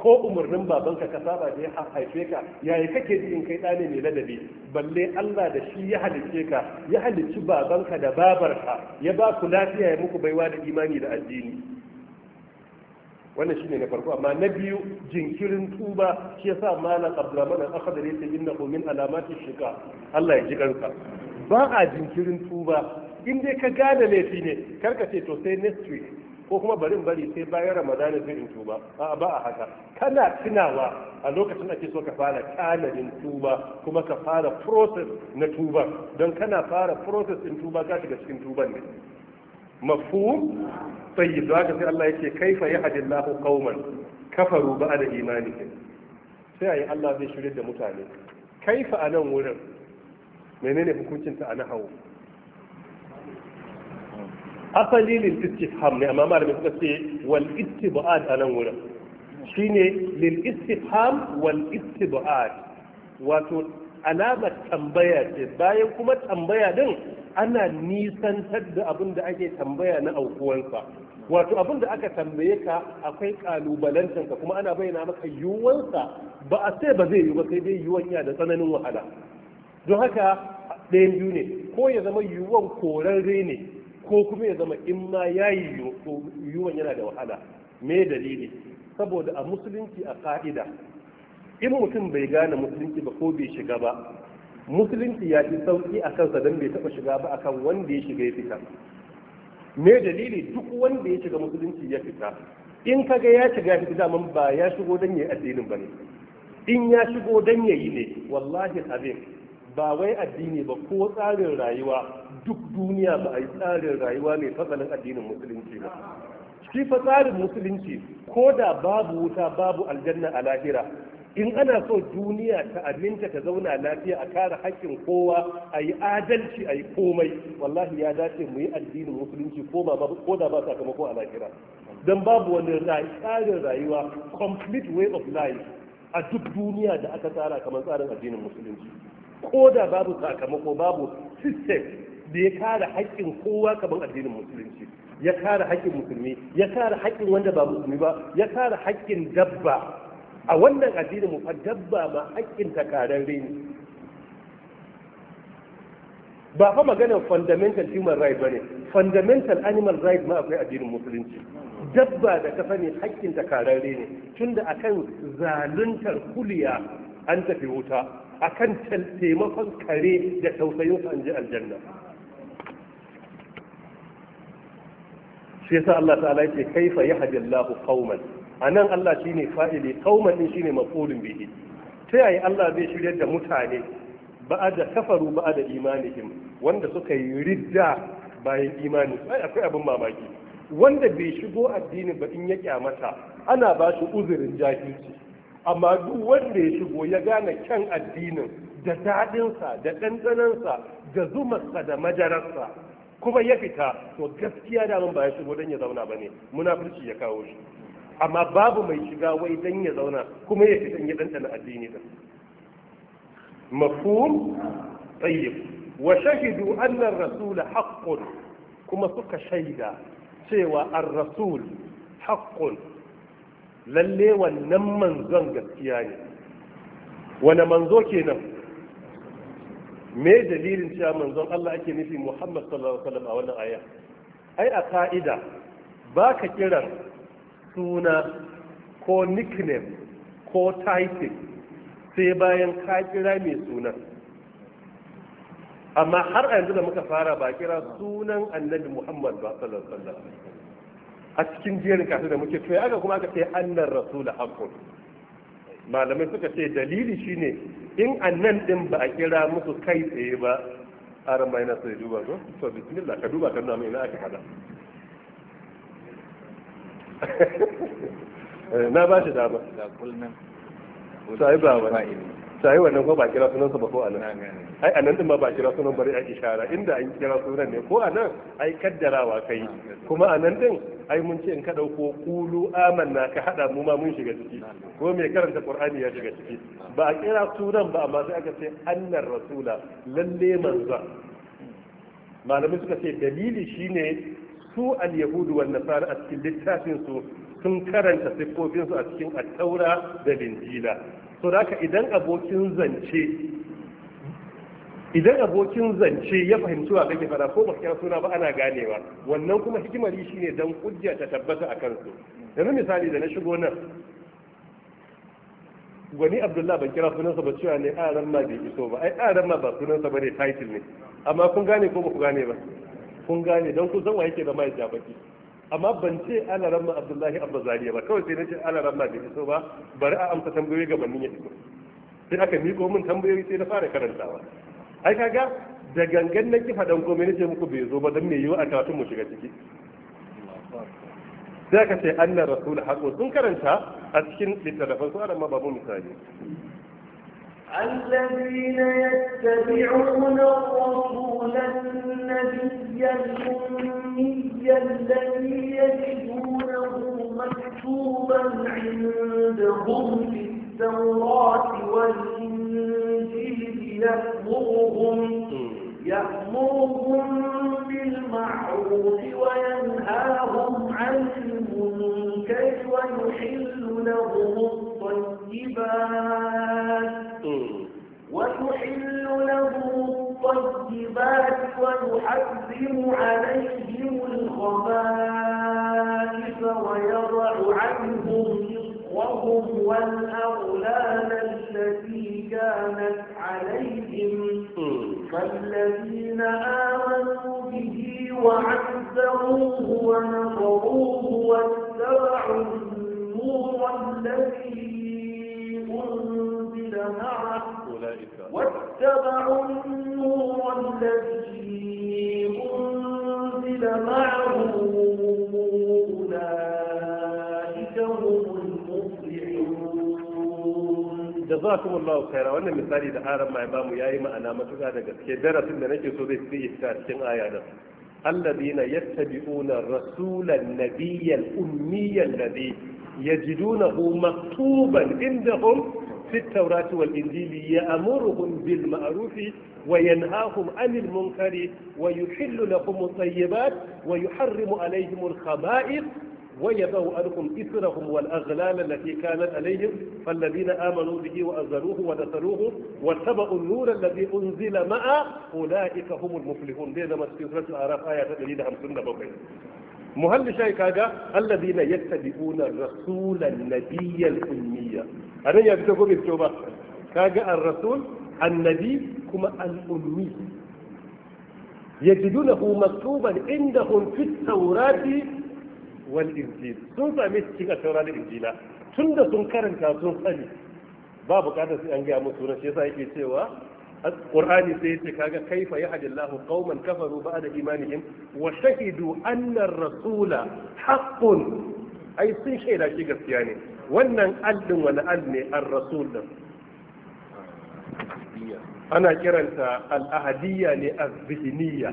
ko umarnin babanka ka saba da ya haife ka yayi kake ji in kai da ne mai ladabi balle Allah da shi ya halicce ka ya halicci babanka da babarka ya ba ku lafiya ya muku baiwa da imani da addini wannan shine na farko amma na biyu jinkirin tuba shi yasa malam abdurrahman al-akhdari yace innahu min alamati shika Allah ya ji kansa ba a jinkirin tuba in dai ka gane laifi ne kar ka ce to sai next week ko kuma bari bari sai bayan ramadana zai in tuba a ba a haka kana tunawa a lokacin ake so ka fara tanadin tuba kuma ka fara process na tuba don kana fara process in tuba ka shiga cikin tuban ne mafhum tayyib da haka sai Allah ya ce kaifa yahdillahu qauman kafaru ba'da imanihim sai ayi Allah zai shirye da mutane kaifa a nan wurin menene hukuncinta a hawo asali lil istifham ne amma malamin suka ce wal istibad a nan wurin shine lil istifham wal istibad wato alamar tambaya ce bayan kuma tambaya din ana nisan da abin da ake tambaya na aukuwansa wato abin da aka tambaye ka akwai kalubalantanka kuma ana bayyana maka yiwuwansa ba a sai ba zai yi ba sai dai yiwuwan yana da tsananin wahala don haka ɗayan biyu ne ko ya zama yiwuwan korarre ne ko kuma ya zama in ma ya yi yiwuwan yana da wahala me dalili saboda a musulunci a ka'ida in mutum bai gane musulunci ba ko bai shiga ba musulunci ya fi sauki a kansa don bai taɓa shiga ba akan wanda ya shiga ya fita me dalili duk wanda ya shiga musulunci ya fita in kaga ya shiga ya fita daman ba ya shigo don ya yi addinin ba ne in ya shigo don ya yi ne wallahi abin ba wai addini ba ko tsarin rayuwa duk duniya ba a yi tsarin rayuwa mai fasalin addinin musulunci ba shi fa tsarin musulunci ko da babu wuta babu aljanna a lahira in ana so duniya ta aminta ta zauna lafiya a kare haƙƙin kowa a yi adalci a yi komai wallahi ya dace mu yi addinin musulunci ko da ba sakamako a lahira don babu wani tsarin rayuwa complete way of life a duk duniya da aka tsara kamar tsarin addinin musulunci ko da babu sakamako babu system da ya kare haƙƙin kowa kamar addinin musulunci ya kare haƙƙin musulmi ya kare haƙƙin wanda ba musulmi ba ya kare haƙƙin dabba a wannan addinin mu fa dabba ma haƙƙin ta ne ba fa maganar fundamental human right ne. fundamental animal right ma akwai addinin musulunci dabba da ka sani haƙƙin ta ne tunda akan zaluntar kuliya an tafi wuta akan taimakon kare da tausayin an ji aljanna shi yasa Allah ta'ala yake kaifa yahdi Allahu qauman a nan Allah shi ne fa'ili kauman ɗin shi ne mafulun bihi ta yaya Allah zai shirya da mutane ba'a da kafaru ba'a da imanihim wanda suka yi ridda bayan imani ai akwai abin mamaki wanda bai shigo addinin ba in ya kyamata ana ba shi uzurin jahilci amma duk wanda ya shigo ya gane kyan addinin da daɗinsa da ɗanɗanansa da zumarsa da madararsa kuma ya fita to gaskiya da ba ya shigo don ya zauna ba ne munafurci ya kawo shi amma babu mai shiga wai dan ya zauna kuma ya fitan ya dantana addini da mafhum tayyib wa shahidu anna ar-rasul haqqun kuma suka shaida cewa ar-rasul haqqun lalle wannan manzon gaskiya ne wani manzo kenan me dalilin cewa manzon Allah ake nufi Muhammad sallallahu alaihi wasallam a wannan aya ai a ka'ida baka kiran suna ko nickname ko title sai bayan ka kira mai sunan amma har a yanzu da muka fara ba kira sunan annabi muhammad ba sallallahu alaihi a cikin jerin kasu da muke to aka kuma aka ce annan rasula hakkun malamai suka ce dalili shine in annan din ba a kira musu kai tsaye ba a ramai na sai duba ko to bismillah ka duba kan namu ina aka hada Eh, na ba shi dama sai ba wani sai ko ba kira sunansa ba ko anan ai anan din ma ba kira sunan bari a ishara inda an kira sunan ne ko anan ai kaddarawa kai kuma anan din ai mun ce in ka dauko qulu amanna ka hada mu ma mun shiga ciki ko mai karanta qur'ani ya shiga ciki ba a kira sunan ba amma sai aka ce annar rasula lalle manzo malamai suka ce dalili shine su al-yahudu wal nasara a cikin littafin su sun karanta siffofin su a cikin at-taura da injila so haka idan abokin zance idan abokin zance ya fahimci wa kake fara ko ba suna ba ana ganewa wannan kuma hikimari shine dan kujja ta tabbata a kansu yanzu misali da na shigo nan gwani Abdullahi ban kira sunansa ba cewa ne aran ma bai iso ba ai aran ma ba sunansa bane title ne amma kun gane ko ba ku gane ba kun gane don kun san wa yake da mai jabaki amma ban ce ana ramma abdullahi abba zariya ba kawai sai na ce ana ramma da iso ba bari a amsa tambayoyi ga bannin ya iso sai aka miko min tambayoyi sai na fara karantawa ai kaga da gangan na kifa dan komai nace muku bai zo ba dan me yiwa a karatun mu shiga ciki sai aka ce annar rasul haqqo sun karanta a cikin littattafan su amma ma babu misali الذين يتبعون الرسول النبي الأمي الذي يجدونه مكتوبا عندهم في التوراة والإنجيل يأمرهم يأمرهم بالمعروف وينهاهم عن المنكر ويحل لهم الطيبات وتحل له الطيبات ويحذر عليهم الخبائث ويضع عنهم نصرهم والأغلال التي كانت عليهم فالذين آمنوا به وعزروه ونصروه واتقوا jazakum Allahu khaira wannan misali da haram mai bamu yayi ma'ana matuƙa da gaske darasin da nake so zai fi iska cikin aya da alladhina yattabi'una rasulan nabiyyal ummiyyal ladhi yajidunahu maktuban indahum في التوراة والإنجيل يأمرهم بالمعروف وينهاهم عن المنكر ويحل لهم الطيبات ويحرم عليهم الخبائث ويبه أنكم إثرهم والأغلال التي كانت عليهم فالذين آمنوا به وأزلوه ودسلوه واتبعوا النور الذي أنزل معه أولئك هم المفلحون دينا ما سورة الأعراف آيات تجليد هم سنة بوكين مهل شيء الذين يتبعون الرسول النبي الأمية أنا يكتبون الجواب كاجا الرسول النبي كما الأمي يجدونه مكتوبا عندهم في التوراة wal injil sun sami cikin attaura da injila tunda sun karanta sun sani ba bukatar sai an gaya musu sunan shi yasa yake cewa qur'ani sai yace kaga kaifa yahdillahu qauman kafaru ba'da imanihim wa shahidu anna ar-rasula haqqun ai sun shaida shi gaskiya ne wannan aldin wani al ne ar-rasul din ana kiranta al-ahadiyya ne az-zihniyya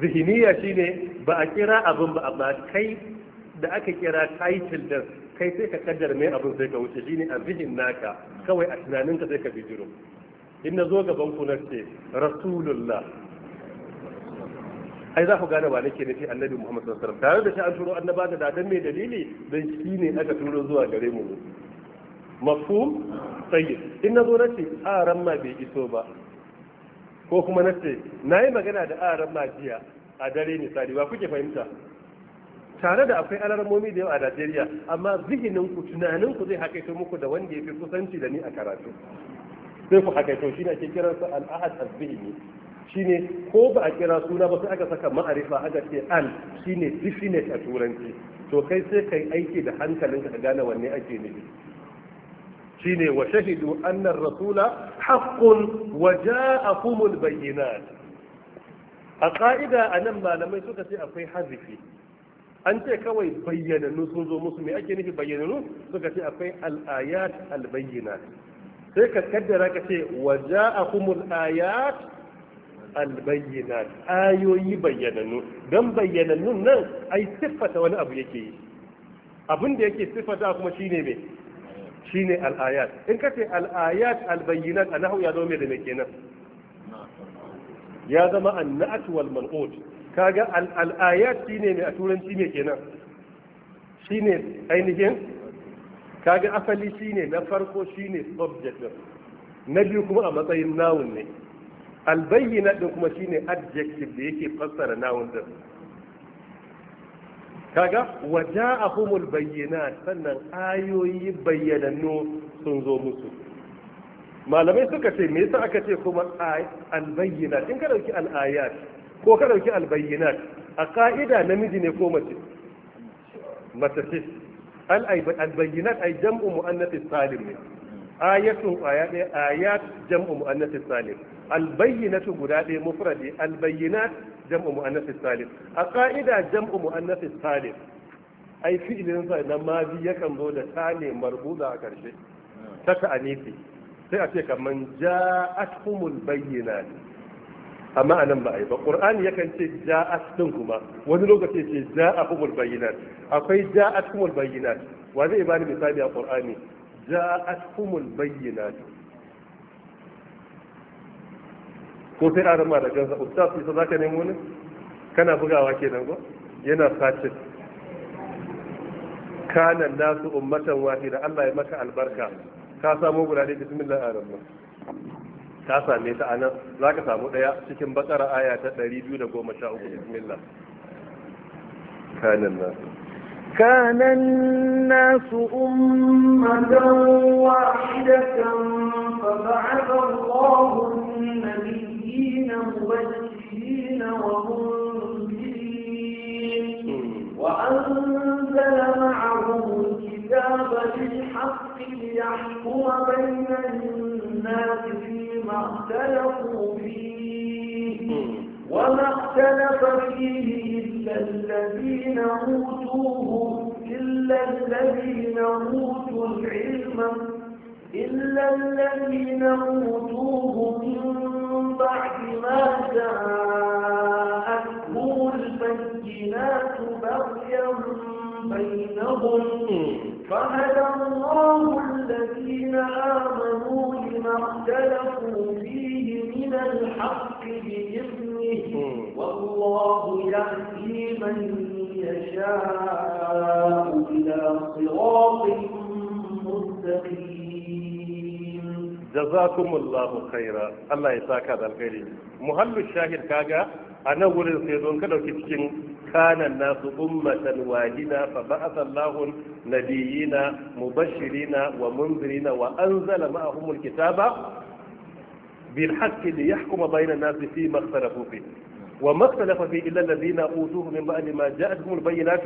zihniyya shine ba a kira abin ba amma kai da aka kira title din kai sai ka kaddar mai abin sai ka wuce shine a zihin naka kawai a tunaninka sai ka bijiro in na zo gaban ku na ce rasulullah ai za ku gane ba nake nufi annabi Muhammad sallallahu alaihi wasallam tare da shi an turo annaba da dadan mai dalili dan shi ne aka turo zuwa gare mu mafhum tayyib in zo na ce aran ma bai iso ba ko kuma na ce nayi magana da aran ma jiya a dare misali ba kuke fahimta tare da akwai alarmomi da yau a Najeriya amma zihininku tunaninku zai hakaito muku da wanda ya fi kusanci da ni a karatu sai ku hakaito shi ne ake kiransa al'ahad Shi ne ko ba a kira suna ba sai aka saka ma'arifa aka ce Shi ne definite a turanci to kai sai kai aiki da hankalinka ka gane wanne ake nufi shine wa shahidu anna rasula haqqun wa ja'akumul bayyinat a ƙa'ida a nan malamai suka ce akwai hazifi an ce kawai bayyananu sun zo musu me ake nufi bayyananu suka ce akwai al'ayat albayyana sai ka kaddara ka ce wa ja'akumul ayat albayyana ayoyi bayyananu Don bayyananun nan ai siffata wani abu yake yi abin da yake siffata kuma shine me shine al'ayat in ka ce al'ayat albayyana a nahu ya zo me da mai kenan ya zama annat wal mal'ud kaga al ayat shine mai a turanci ne kenan shine ainihin kaga asali shine na farko shine subject din na biyu kuma a matsayin noun ne al bayyina din kuma shine adjective da yake fassara noun din kaga waja'ahumul bayyinat sannan ayoyi bayyananno sun zo musu malamai suka ce me yasa aka ce kuma albayyinat in ka dauki al'ayat ko ka dauki albayyinat a ka'ida namiji ne ko mace mace ce albayyinat ay jam'u muannathis salim ne ayatun kwaya ɗaya ayat jam'u muannathis salim albayyinatu guda ɗaya mufradi albayyinat jam'u muannathis salim a ka'ida jam'u muannathis salim ai fi'ilin sa na mazi yakan zo da ta ne marbuda a karshe ta ta'anifi sai a ce humul bayyana bayyinat amma anan ba a yi ba qur'ani yakan ce ja'at din kuma wani lokaci ce ja'ahumul bayyana akwai ja'atuhumul bayyana wa zai bani misali a qur'ani ja'atuhumul bayyinat ko sai a rama da gansa ustaz isa zaka nemo ne kana bugawa kenan ba yana sacin kanan nasu ummatan wahida Allah ya maka albarka ka samu gurare, ɗaya bismillah a ramma ka same ta anan za ka samu ɗaya cikin bakara aya ta 213 bismillah kanan nasu كان الناس أمة واحدة فبعث الكتاب بالحق ليحكم بين الناس فيما اختلفوا فيه وما اختلف فيه إلا الذين أوتوه إلا الذين أوتوا العلم إلا الذين أوتوه من بعد ما جاءتهم البينات بغيا بينهم فهدى الله الذين آمنوا لما اختلفوا فيه من الحق بإذنه والله يهدي من يشاء إلى صراط مستقيم جزاكم الله خيرا الله يساك هذا الخير muhallu shahid kaga a nan wurin sai don ka dauki cikin كان الناس أمة واحدة فبعث الله نبيين مبشرين ومنذرين وأنزل معهم الكتاب بالحق ليحكم بين الناس فيما اختلفوا فيه وما اختلف فيه إلا الذين أوتوه من بعد ما جاءتهم البينات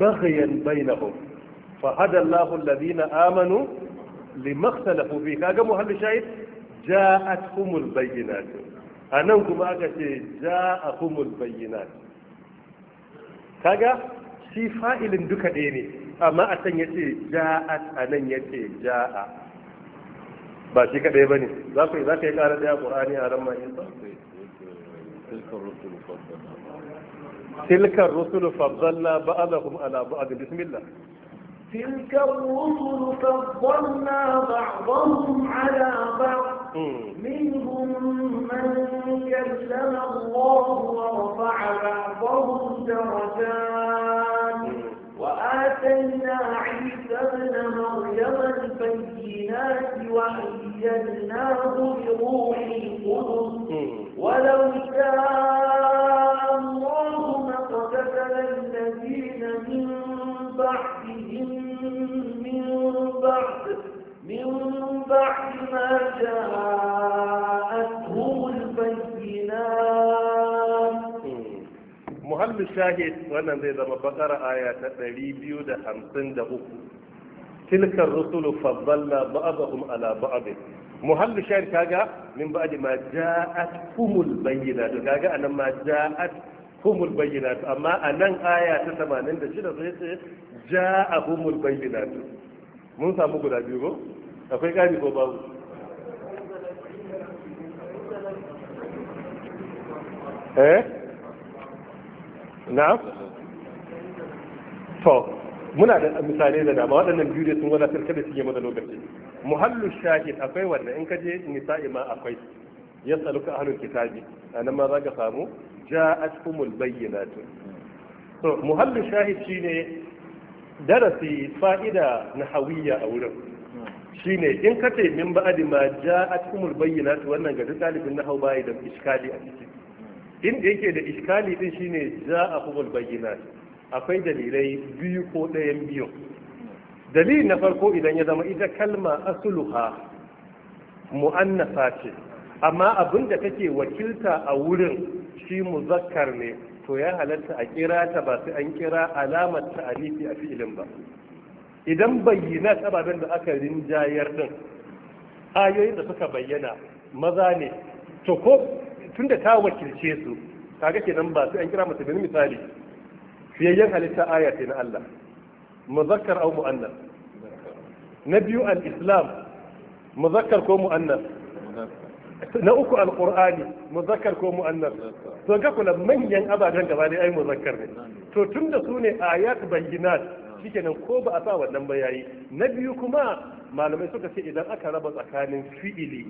بغيا بينهم فهدى الله الذين آمنوا لما اختلفوا فيه كاجا محل شاهد جاءتهم البينات أنكم أجت جاءكم البينات kaga shi fa'ilin duka ɗaya ne amma a can yace ja’a a nan yace ja'a ba shi kaɗai ba ne za ku za ka yi ƙara ɗaya ƙorani a ran ma'in sa tilkar rusul faddalla ba'adahum ala ba'ad bismillah تلك الرسل فضلنا بعضهم على بعض منهم من كلم الله ورفع بعضهم درجات وآتينا عيسى ابن مريم البينات وأيدناه بروح القدس ولو شاء الله بعدما جاءتهم البينات مهم الشاهد وانا زي ما بقرا ايات ريفيو ده تلك الرسل فضلنا بعضهم على بعض muhallu shari kaga min ba ma ja'at humul bayyina to kaga anan ma ja'at humul bayyina amma anan aya ta 86 sai ce ja'a humul bayyina mun samu guda biyu ko akwai ƙari ko babu eh na to muna da misali da dama waɗannan biyu da sun wani kada su yi mana lokaci muhallu shahid akwai wanda in kaje je nisa'i ma akwai yas'aluka ahlul kitabi anan ma zaka samu ja'atkumul bayyinatu to muhallu shahid shine darasi fa'ida nahawiyya a wurin shine in ka ce min ba'adi ma ja'atkumul su wannan ga duk na hau bayi da iskali a ciki inda yake da iskali din shine ja'akumul su, akwai dalilai biyu ko ɗayan biyu Dalilin na farko idan ya zama ita kalma asluha mu'annafa ce amma abin da take wakilta a wurin shi muzakkar ne to ya halatta a kira ta ba sai an kira alamar ta'arifi a fi'ilin ba idan bayyana sababin da aka rinjayar din ayoyin da suka bayyana maza ne to ko tunda ta wakilce su kaga kenan ba su, an kira mata bin misali fiyayyen halitta aya ce na Allah muzakkar au mu'annas na biyu al-islam muzakkar ko mu'annas na uku alqur'ani muzakkar ko mu'annas to ga kula manyan ababen gaba dai ai muzakkar ne to tunda su ne ayat bayyinat shikenan ko ba a sa wannan ba yayi na biyu kuma malamai suka ce idan aka raba tsakanin fi'ili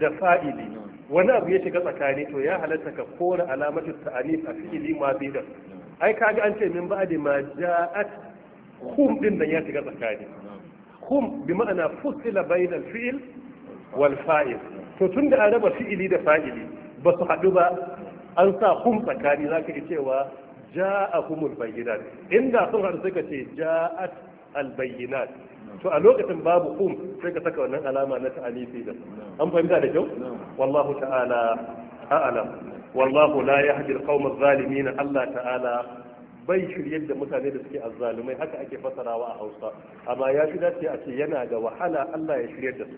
da fa'ili wani abu ya shiga tsakani to ya halatta ka kora alamatu ta'anif a fi'ili ma bidan ai kaga an ce min ba'di ma ja'at hum din nan ya shiga tsakani hum bi ma'ana fusila bainal fi'il wal fa'il to tunda an raba fi'ili da fa'ili ba su haɗu ba an sa hum tsakani zaka ga cewa ja bayyinat inda sun in suka ce ja'at al bayyinat to a lokacin babu um sai ka saka wannan alama na ta'alifi da an fahimta da kyau wallahu ta'ala a'lam wallahu la yahdi al-qawm adh-dhalimin Allah ta'ala bai shiryar da mutane da suke azzalumai haka ake fasarawa a Hausa amma ya fi dace a ce yana da wahala Allah ya shiryar da su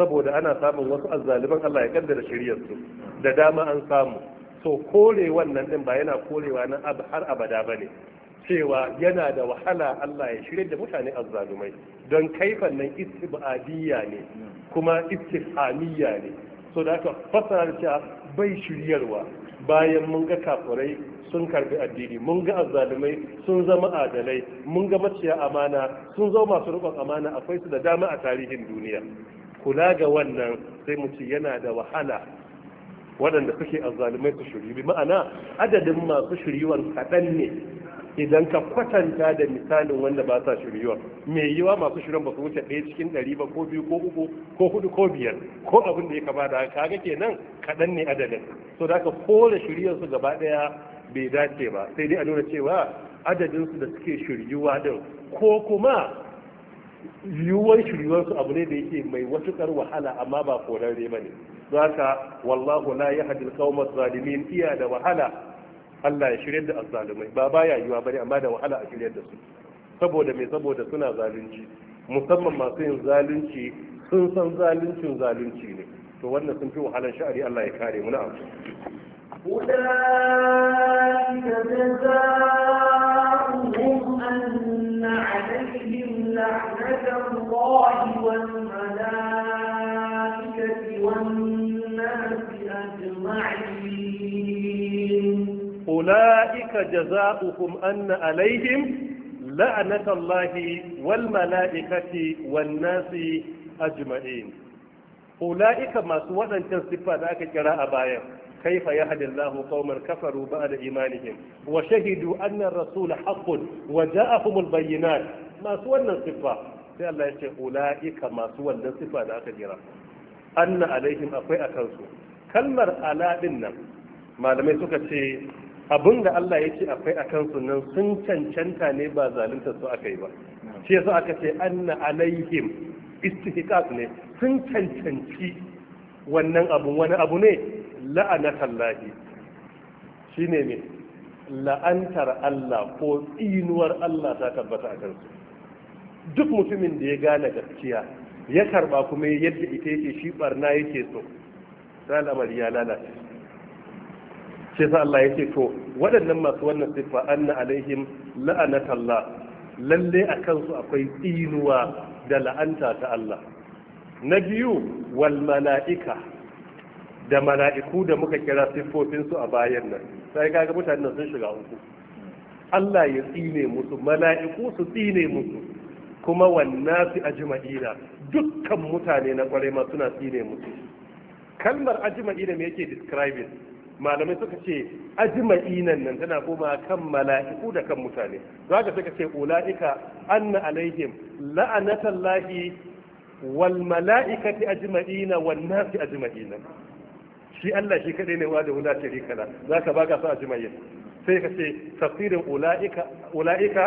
saboda ana samun wasu azzaluman Allah ya kaddara shiryar su da dama an samu To kore wannan din ba yana korewa nan har abada ba ne cewa yana da wahala Allah ya shirya da mutane azzalumai don kaifan nan istibadiyya ne kuma istifhamiyya ne so da aka fasara cewa bai shiryarwa bayan mun ga kafurai sun karbi addini mun ga azzalumai sun zama adalai mun ga maciya amana sun zama masu rikon amana akwai su da dama a tarihin duniya kula ga wannan sai mu ci yana da wahala waɗanda suke azzalumai su shiri bi ma'ana adadin masu shiryuwar kaɗan ne idan ka kwatanta da misalin wanda ba sa shiryuwar mai yiwa masu shirin ba su wuce ɗaya cikin ɗari ba ko biyu ko uku ko hudu ko biyar ko abin da ya kama da kaga kenan kaɗan ne adadin so da aka kore shiriyar su gaba ɗaya bai dace ba sai dai a nuna cewa adadin su da suke shiryuwa din ko kuma yiwuwar shiryuwarsu su abu ne da yake mai watukar wahala amma ba ne bane ka wallahu la hadin kawomar zalimin iya da wahala Allah ya shirya da azzalumai ba baya yiwa bane amma da wahala a shirya da su saboda me saboda suna zalunci musamman masu yin zalunci sun san zaluncin zalunci ne to wannan sun fi wahalar sha'ari Allah ya kare mu na na'am أولئك جزاؤهم أن لعنة الله والملائكة والناس أجمعين أولئك جزاؤهم أن عليهم لعنة الله والملائكة والناس أجمعين أولئك ما سوى أن تنصفها ذاك جراء بايا كيف يهدي الله قوما كفروا بعد إيمانهم وشهدوا أن الرسول حق وجاءهم البينات ما سوى الصفة sai Allah ya ce ula'ika masu wannan sifa da aka gira. anna alaihim akwai a kansu kalmar ala nan malamai suka ce abin da Allah ya ce akwai a kansu nan sun cancanta ne ba zalunta su aka yi ba shi yasa aka ce anna alaihim istihqaq ne sun cancanci wannan abu wani abu ne la'anatan lahi shi ne ne la'antar Allah ko tsinuwar Allah ta tabbata a kansu duk mutumin da ya gane gaskiya ya karba kuma yadda ita yake shi barna yake so sai al'amari ya lalace shi sa Allah yake to waɗannan masu wannan siffa anna alaihim la'anatallah lalle a kansu akwai tsinuwa da la'anta ta Allah na biyu wal mala'ika da mala'iku da muka kira siffofinsu a bayan nan sai kaga mutanen sun shiga uku Allah ya tsine musu mala'iku su tsine musu kuma wannan aji ma'ina dukkan mutane na kwarai ma suna tsine musu kalmar ma'ina me yake describing malamai suka ce ma'inan nan tana koma kan mala'iku da kan mutane za ka suka ce ula'ika anna alaihim la'anatallahi wal mala'ikati ajma'ina aji shi Allah shi kadai ne wada wala sharika la zaka baka sa ajma'in sai ka ce tafsirin ulaika ulaika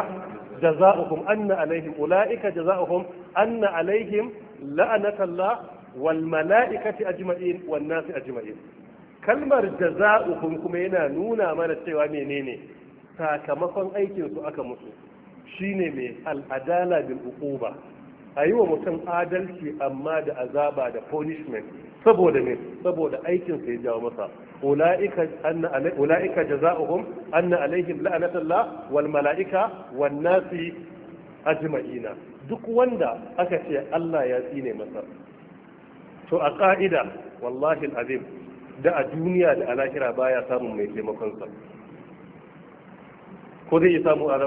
jazaohum anna alaihim ulaika jazaohum anna alaihim la'anatullah wal mala'ikati ajma'in wan nasi ajma'in kalmar jaza'ukum kuma yana nuna mana cewa menene sakamakon aikin su aka musu shine mai al'adala bil uquba a yi wa mutum adalci amma da azaba da punishment saboda ne saboda aikin sa ya jawo masa ulaika anna ulaika jazaohum anna alaihim la'natullah wal malaika wan nasi ajma'ina duk wanda aka ce Allah ya tsine masa to a ka'ida wallahi alazim da a duniya da a lahira baya samun mai taimakon sa ko zai samu a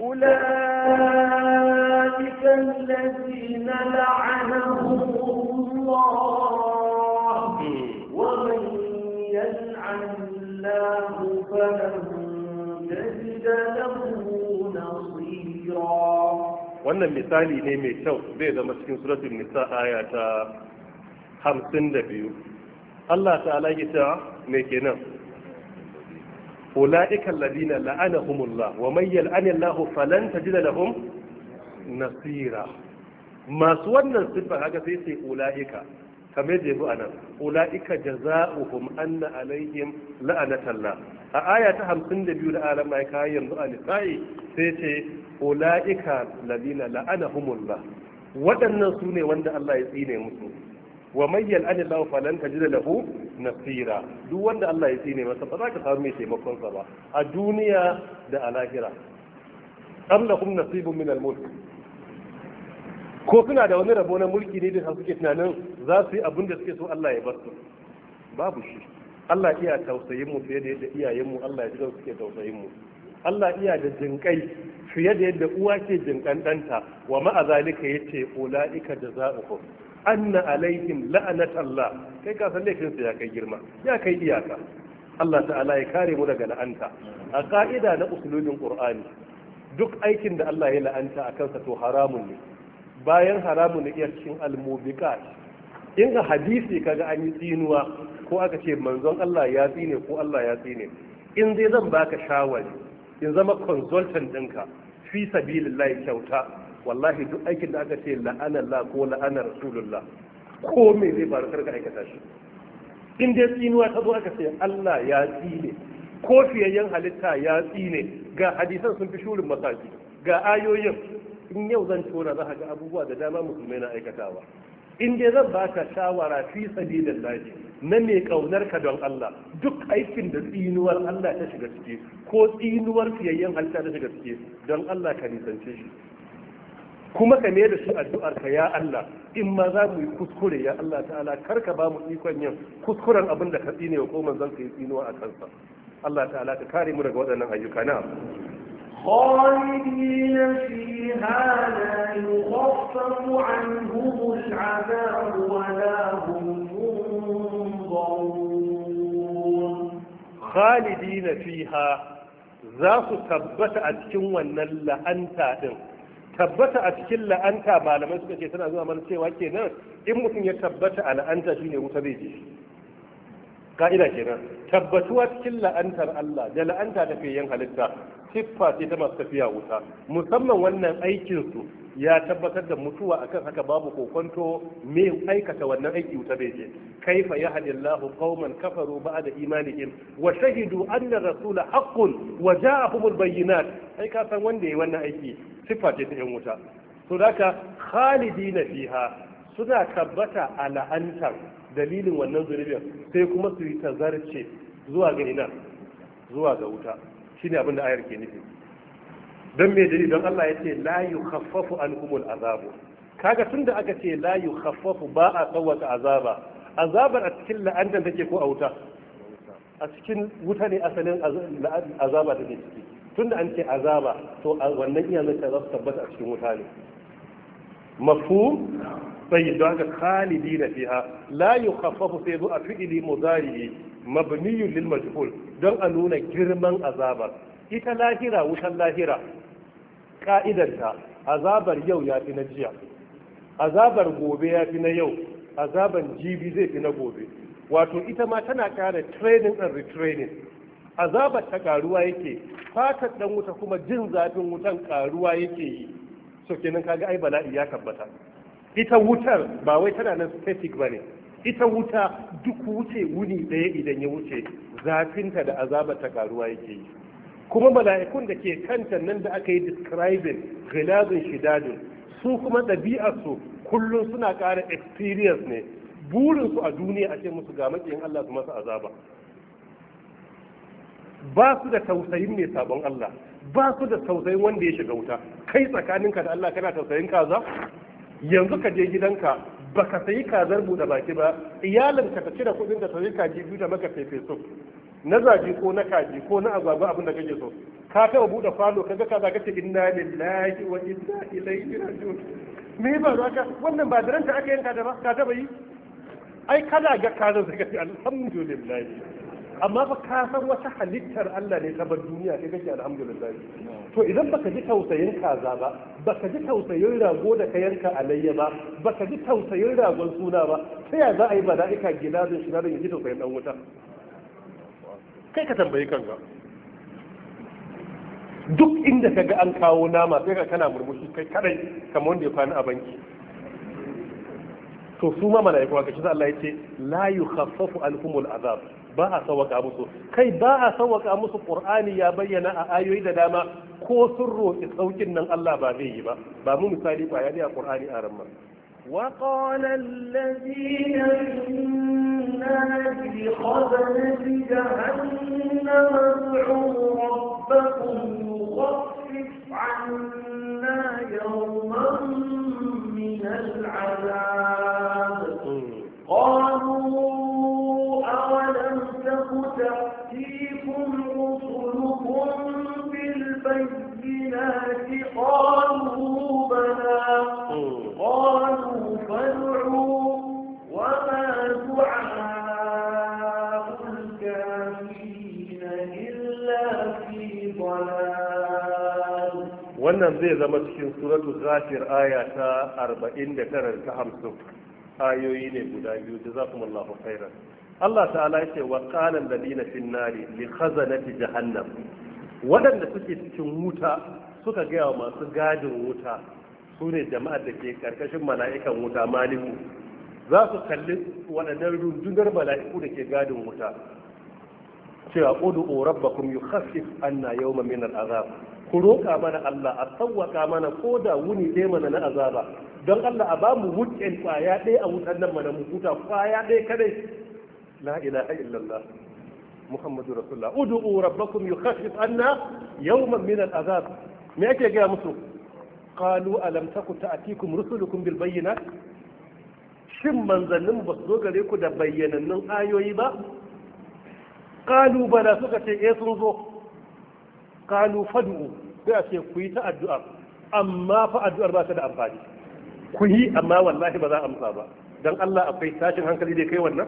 أولئك الذين لعنهم الله ومن يلعن الله فلن تجد له نصيرا wannan misali ne mai kyau zai zama cikin suratul nisa aya ta 52 Allah Ta alaƙi ta me kenan أولئك الذين لعنهم الله ومن يلعن الله فلن تجد لهم نصيرا ما سوى الصفة هذا في أولئك kamar da yabi anan ulaika jazaohum anna alaihim la'anatallah a aya ta 52 da alam mai kai yanzu a nisa'i sai ce ulaika ladina la'anahumullah waɗannan su ne wanda Allah ya tsine musu wa mai yal'ani lahu falan tajida lahu nasira duk wanda Allah ya tsine masa ba za ka samu mai taimakon sa ba a duniya da a lahira am lahum nasibun min al-mulk ko suna da wani rabo na mulki ne da suke tunanin za su yi abin da suke so Allah ya bar su babu shi Allah iya tausayin mu fiye da yadda iyayen mu Allah ya ji suke tausayin mu Allah iya da jinkai fiye da yadda uwa ke jinkan danta wa ma'a zalika yace ulaika jazaohum anna alaihim la'anat Allah kai ka san laifin sa ya kai girma ya kai iyaka Allah ta'ala ya kare mu daga la'anta a ka'ida na usulun Qur'ani duk aikin da Allah ya la'anta a kansa to haramun ne bayan haramun ne iya cikin almubiqat in ga hadisi kaga an yi tsinuwa ko aka ce manzon Allah ya tsine ko Allah ya tsine in dai zan baka shawari in zama consultant ɗinka fi sabilillahi kyauta wallahi duk aikin da aka ce la ko la'anar rasulullah ko me zai faru karka aikata shi in dai tsinuwa ta zo aka ce Allah ya tsine ko fiyayyen halitta ya tsine ga hadisan sun fi shurin masaji ga ayoyin in yau zan tona za ga abubuwa da dama musulmai na aikatawa in dai zan baka shawara fi sabilin laji na mai kaunar ka don Allah duk aikin da tsinuwar Allah ta shiga ciki ko tsinuwar fiyayyen halitta ta shiga ciki don Allah ka nisance shi kuma ka ne da shi addu'ar ka ya Allah in ma za mu yi kuskure ya Allah ta'ala kar ka ba mu ikon yin kuskuren abin da ka tsine wa ko manzon ka yi tsinuwa a kansa Allah ta'ala ka kare mu daga waɗannan ayyuka na خالدين فيها لا يخفف عنهم العذاب ولا هم ينظرون خالدين فيها za su tabbata a cikin wannan la'anta ɗin tabbata a cikin la'anta malamai suka ce tana zuwa mana cewa kenan in mutum ya tabbata a la'anta shine wuta zai je ka'ida kenan tabbatuwa cikin la'antar Allah da la'anta da fiyen halitta siffa ce ta masu tafiya wuta musamman wannan aikin su ya tabbatar da mutuwa akan haka babu kokonto me aikata wannan aiki wuta bai je kaifa yahdillahu qauman kafaru ba'da imanihim wa shahidu anna rasula haqqun wa ja'ahumul bayyinat ai ka san wanda yayi wannan aiki siffa ce ta yan wuta to daga na fiha suna tabbata a la'antar dalilin wannan zunubin sai kuma su yi tazarce zuwa ga ina zuwa ga wuta shine abin da ayar ke nufi don me dalili don Allah ya ce la yukhaffafu anhumul azabu kaga tunda aka ce la yukhaffafu ba a tsawata azaba azabar a cikin la'antar take ko a wuta a cikin wuta ne asalin azaba take ciki tunda an ce azaba to wannan iyalinta za su tabbata a cikin wuta ne mafu sai don haka khalidi na fiha la yukhaffafu sai zo a fi'ili mudari mabniyun lil majhul don a nuna girman azabar ita lahira wutan lahira Ka'idanta azabar yau ya fi na jiya azabar gobe ya fi na yau azaban jibi zai fi na gobe wato ita ma tana kara training and retraining azabar ta karuwa yake fatar dan wuta kuma jin zafin wutan karuwa yake yi so kenan kaga ai bala'i ya tabbata ita wutar ba wai tana nan static bane ita wuta duk wuce wuni ɗaya idan ya wuce zafinta da azabar ta karuwa yake yi kuma mala'ikun da ke kanta nan da aka yi describing gilazin shidadin su kuma ɗabi'arsu kullum suna ƙara experience ne burinsu a duniya a ce musu ga maƙiyin Allah su masa azaba ba su da tausayin mai sabon Allah ba su da tausayin wanda ya shiga wuta kai tsakaninka da Allah kana tausayin kaza yanzu ka je gidanka ba ka sayi kazar buɗe baki ba ka ta cire kuɗin da ta sayi kaji biyu da maka fefe su na zaji ko na kaji ko na agwagwa abin da kake so ka taɓa buɗe falo kaga kaza kace inna lillahi wa inna ilaihi raji'un me ba za ka wannan ba da ta aka yanka da ba ka taɓa yi ai kada ga kazar sai ka ce alhamdulillah amma ba ka san wata halittar Allah ne ta bar duniya kai kake alhamdulillah to idan baka ji tausayin kaza ba baka ji tausayin rago da ka yanka alayya ba baka ji tausayin ragon suna ba sai ya za a yi mala'ika gilazin shi da ji tausayin dan wuta kai ka tambayi kanka duk inda ka ga an kawo nama sai ka kana murmushi kai kadai kamar wanda ya kwana a banki to su ma mala'iku ka shi Allah ya ce la yukhaffafu anhumul azab ba a sawaka musu kai ba a sawaka musu qur'ani ya bayyana a ayoyi da dama ko sun roƙi saukin nan Allah ba zai yi ba ba mu misali ba ya a qur'ani a ran وقال الذين في النار خزنة جهنم ادعوا ربكم يخفف عنا يوما من العذاب قالوا أولم تك تأتيكم رسلكم بالبينات قالوا بلى قالوا فادعوا وما دعاء الكافرين إلا في ضلال wannan zai zama cikin suratu ghafir aya ta 49 ta 50 ayoyi ne guda biyu da jazakumullahu khairan Allah ta'ala ya ce wa qalan ladina fin nari li khazanati jahannam wadanda suke cikin wuta suka ga wa masu gadin wuta sune ne jama'ar da ke karkashin mala'ikan wuta maliku za su kalli waɗannan rundunar mala'iku da ke gadin wuta cewa ud'u rabbakum yukhaffif anna yawma min al'azab ku roƙa mana Allah a sawwaka mana ko da wuni ɗaya mana na azaba don Allah a bamu wuce kwaya ɗaya a wutar nan mana mu huta kwaya ɗaya kadai la ilaha illallah muhammadu rasulullah ud'u rabbakum yukhaffif anna yawman min al'azab me ake gaya musu qalu alam taku ta'tikum rusulukum bil bayyinat shin manzannin ba su zo gare ku da bayyanannun ayoyi ba qalu bana suka ce eh sun zo qalu fad'u sai a ta addu'a amma fa addu'ar ba ta da amfani Kuyi amma wallahi ba za a amsa ba dan Allah akwai tashin hankali da kai wannan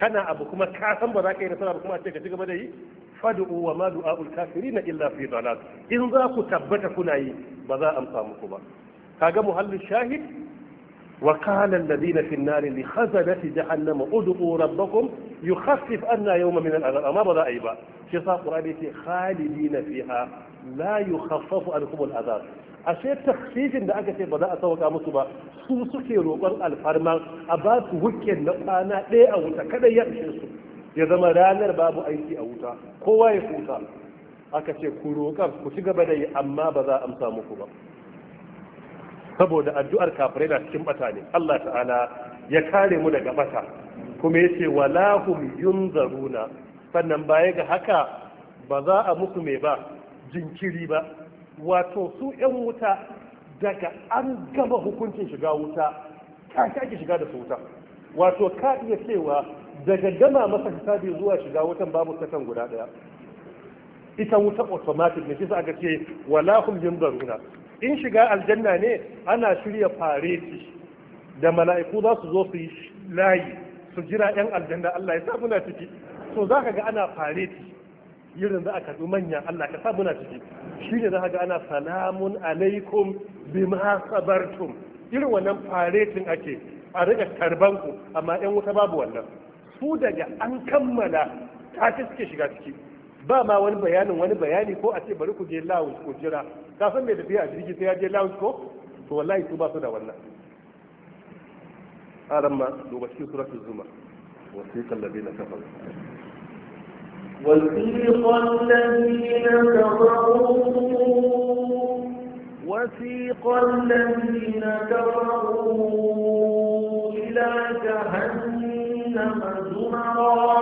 kana abu kuma ka san ba za ka yi nasara ba kuma a ce ka ci gaba da yi fad'u wa ma du'a'ul kafirin illa fi dalal in za ku tabbata kuna yi ba za amsa muku ba kaga muhallin shahid wa qala alladhina fi an-nar li khazanati jahannama ud'u rabbakum yukhaffif anna yawma min al-'adab amma ba za a yi ba shi sa qur'ani ce khalidina fiha la yukhaffafu anhum al-'adab ashe tafsirin da aka ce ba za a sauka musu ba su suke roƙon alfarma a ba su na kwana ɗaya a wuta kadai ya ishe su ya zama ranar babu aiki a wuta kowa ya kuta aka ce ku roƙar ku ci gaba da yi amma ba za a amsa muku ba saboda addu'ar kafirai na cikin bata ne Allah ta'ala ya kare mu daga bata kuma yace wala yunzaruna sannan baya ga haka ba za a musu mai ba jinkiri ba wato su ‘yan wuta daga an gama hukuncin shiga wuta ka ake shiga da su wuta wato ka iya cewa daga gama masa hisabi zuwa shiga wutan babu kasan guda ɗaya ita wuta automatic ne kisa aka ce wala hum yunzaruna in shiga aljanna ne ana shirya fareti da mala'iku za su zo su yi layi su jira yan aljanna Allah ya sa muna ciki To za ka ga ana fareti irin za a kaɗu manya Allah ka sa muna ciki shi ne za ga ana salamun alaikum bima sabartum irin wannan faretin ake a rika karban ku amma yan wuta babu wannan su daga an kammala ta suke shiga ciki ba ma wani bayanin wani bayani ko a ce bari ku je lawun ko jira ka san mai tafiya a jirgi sai ya je lawun ko to wallahi su ba su da wannan aran ma duba cikin suratul zumar wasiqal ladina kafaru وسيق الذين كفروا وسيق الذين كفروا إلى جهنم زمرا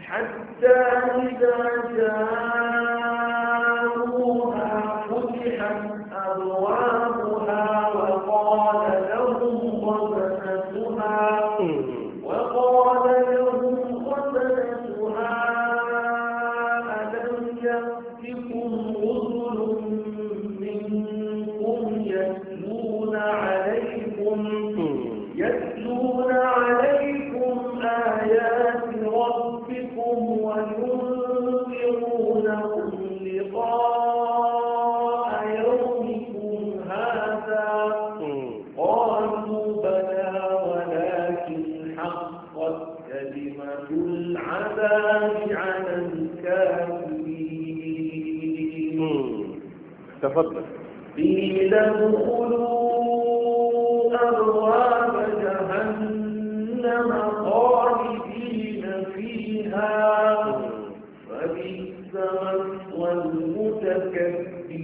حتى إذا جاءوا قيل ادخلوا أبواب جهنم خالدين فيها فبئس مثوى المتكبرين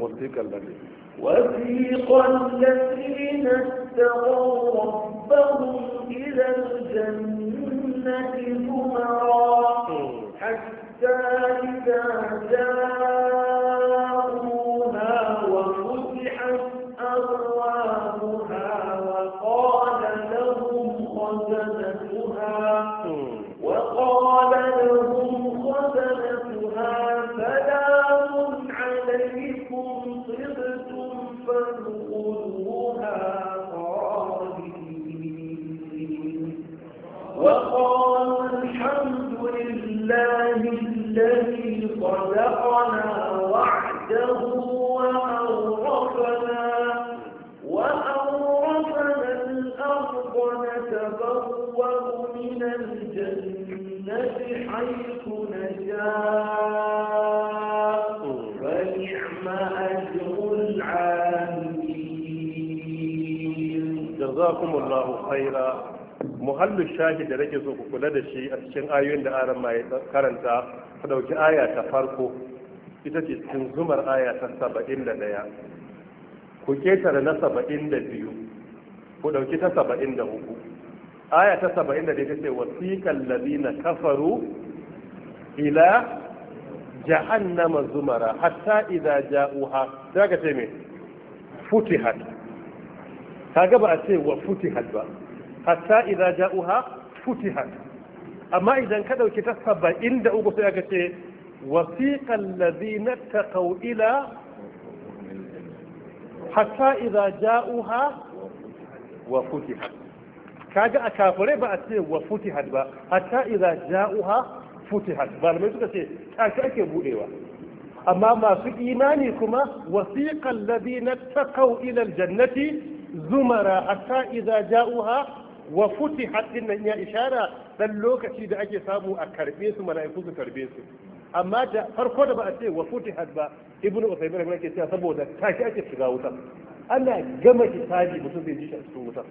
وثيق الذين وثيق الذين اتقوا ربهم إلى الجنة زمرا حتى إذا جاءوا صدقنا وعده وأورثنا وأورثنا الأرض نتبوأ من الجنة حيث نشاء فنعم أجر العاملين جزاكم الله خيرا muhallu shahi da rage so ku kula da shi a cikin ayoyin da aran ma ya karanta ku dauki aya ta farko ita ce cikin zumar aya ta saba'in da ɗaya ku ketare na saba'in da biyu ku dauki ta saba'in da uku aya ta saba'in da ɗaya ta ce wasiƙan ladina kafaru ila jahannama zumara hatta idza ja'uha daga ce me futihat kaga ba a ce wa futihat ba hatta idza ja'uha futihat amma idan ka dauki ta 73 sai aka ce wasiqal ladina taqaw ila hatta idza ja'uha wa futihat kaga a kafare ba a ce wa futihat ba hatta idza ja'uha futihat malamai suka ce tashi ake budewa amma masu imani kuma wasiqal ladina taqaw ila aljannati zumara hatta idza ja'uha wa futi haɗin nan ya ishara ɗan lokaci da ake samu a karɓe su mala'iku su karɓe su amma da farko da ba a ce wa futi futihat ba Ibn usaymin rahimahullah ke cewa saboda take ake shiga wuta ana gama kitabi mutum zai ji shi a cikin wuta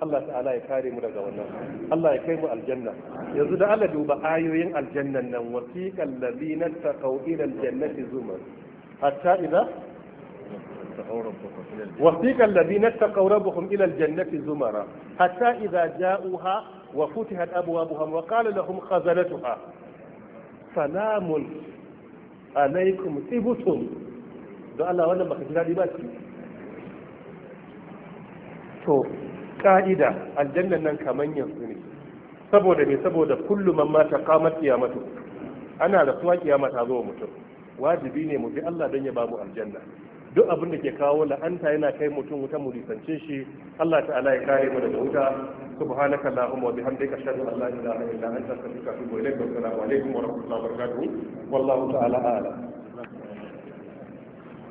Allah ta'ala ya kare mu daga wannan Allah ya kai mu aljanna yanzu da Allah duba ayoyin aljannan nan wasiqal ladina taqaw ila aljannati zumar hatta idza اتقوا ربكم إلى الجنة وثيق الذين اتقوا ربهم إلى الجنة زمرا حتى إذا جاءوها وفتحت أبوابهم وقال لهم خزنتها سلام عليكم طبتم don Allah wannan baka ji daɗi ba ce to ka'ida aljannan nan kaman ne saboda me saboda kullum man mata qamat qiyamatu ana rasuwa kiyama mutum wajibi ne mu bi Allah don ya babu aljanna duk abin da ke kawo la'anta yana kai mutum wuta mu risance shi Allah ta'ala ya kare mu daga wuta subhanaka allahumma wa bihamdika ashhadu an la ilaha illa anta astaghfiruka wa atubu ilaik wa assalamu alaikum wa rahmatullahi wa barakatuh wallahu ta'ala a'lam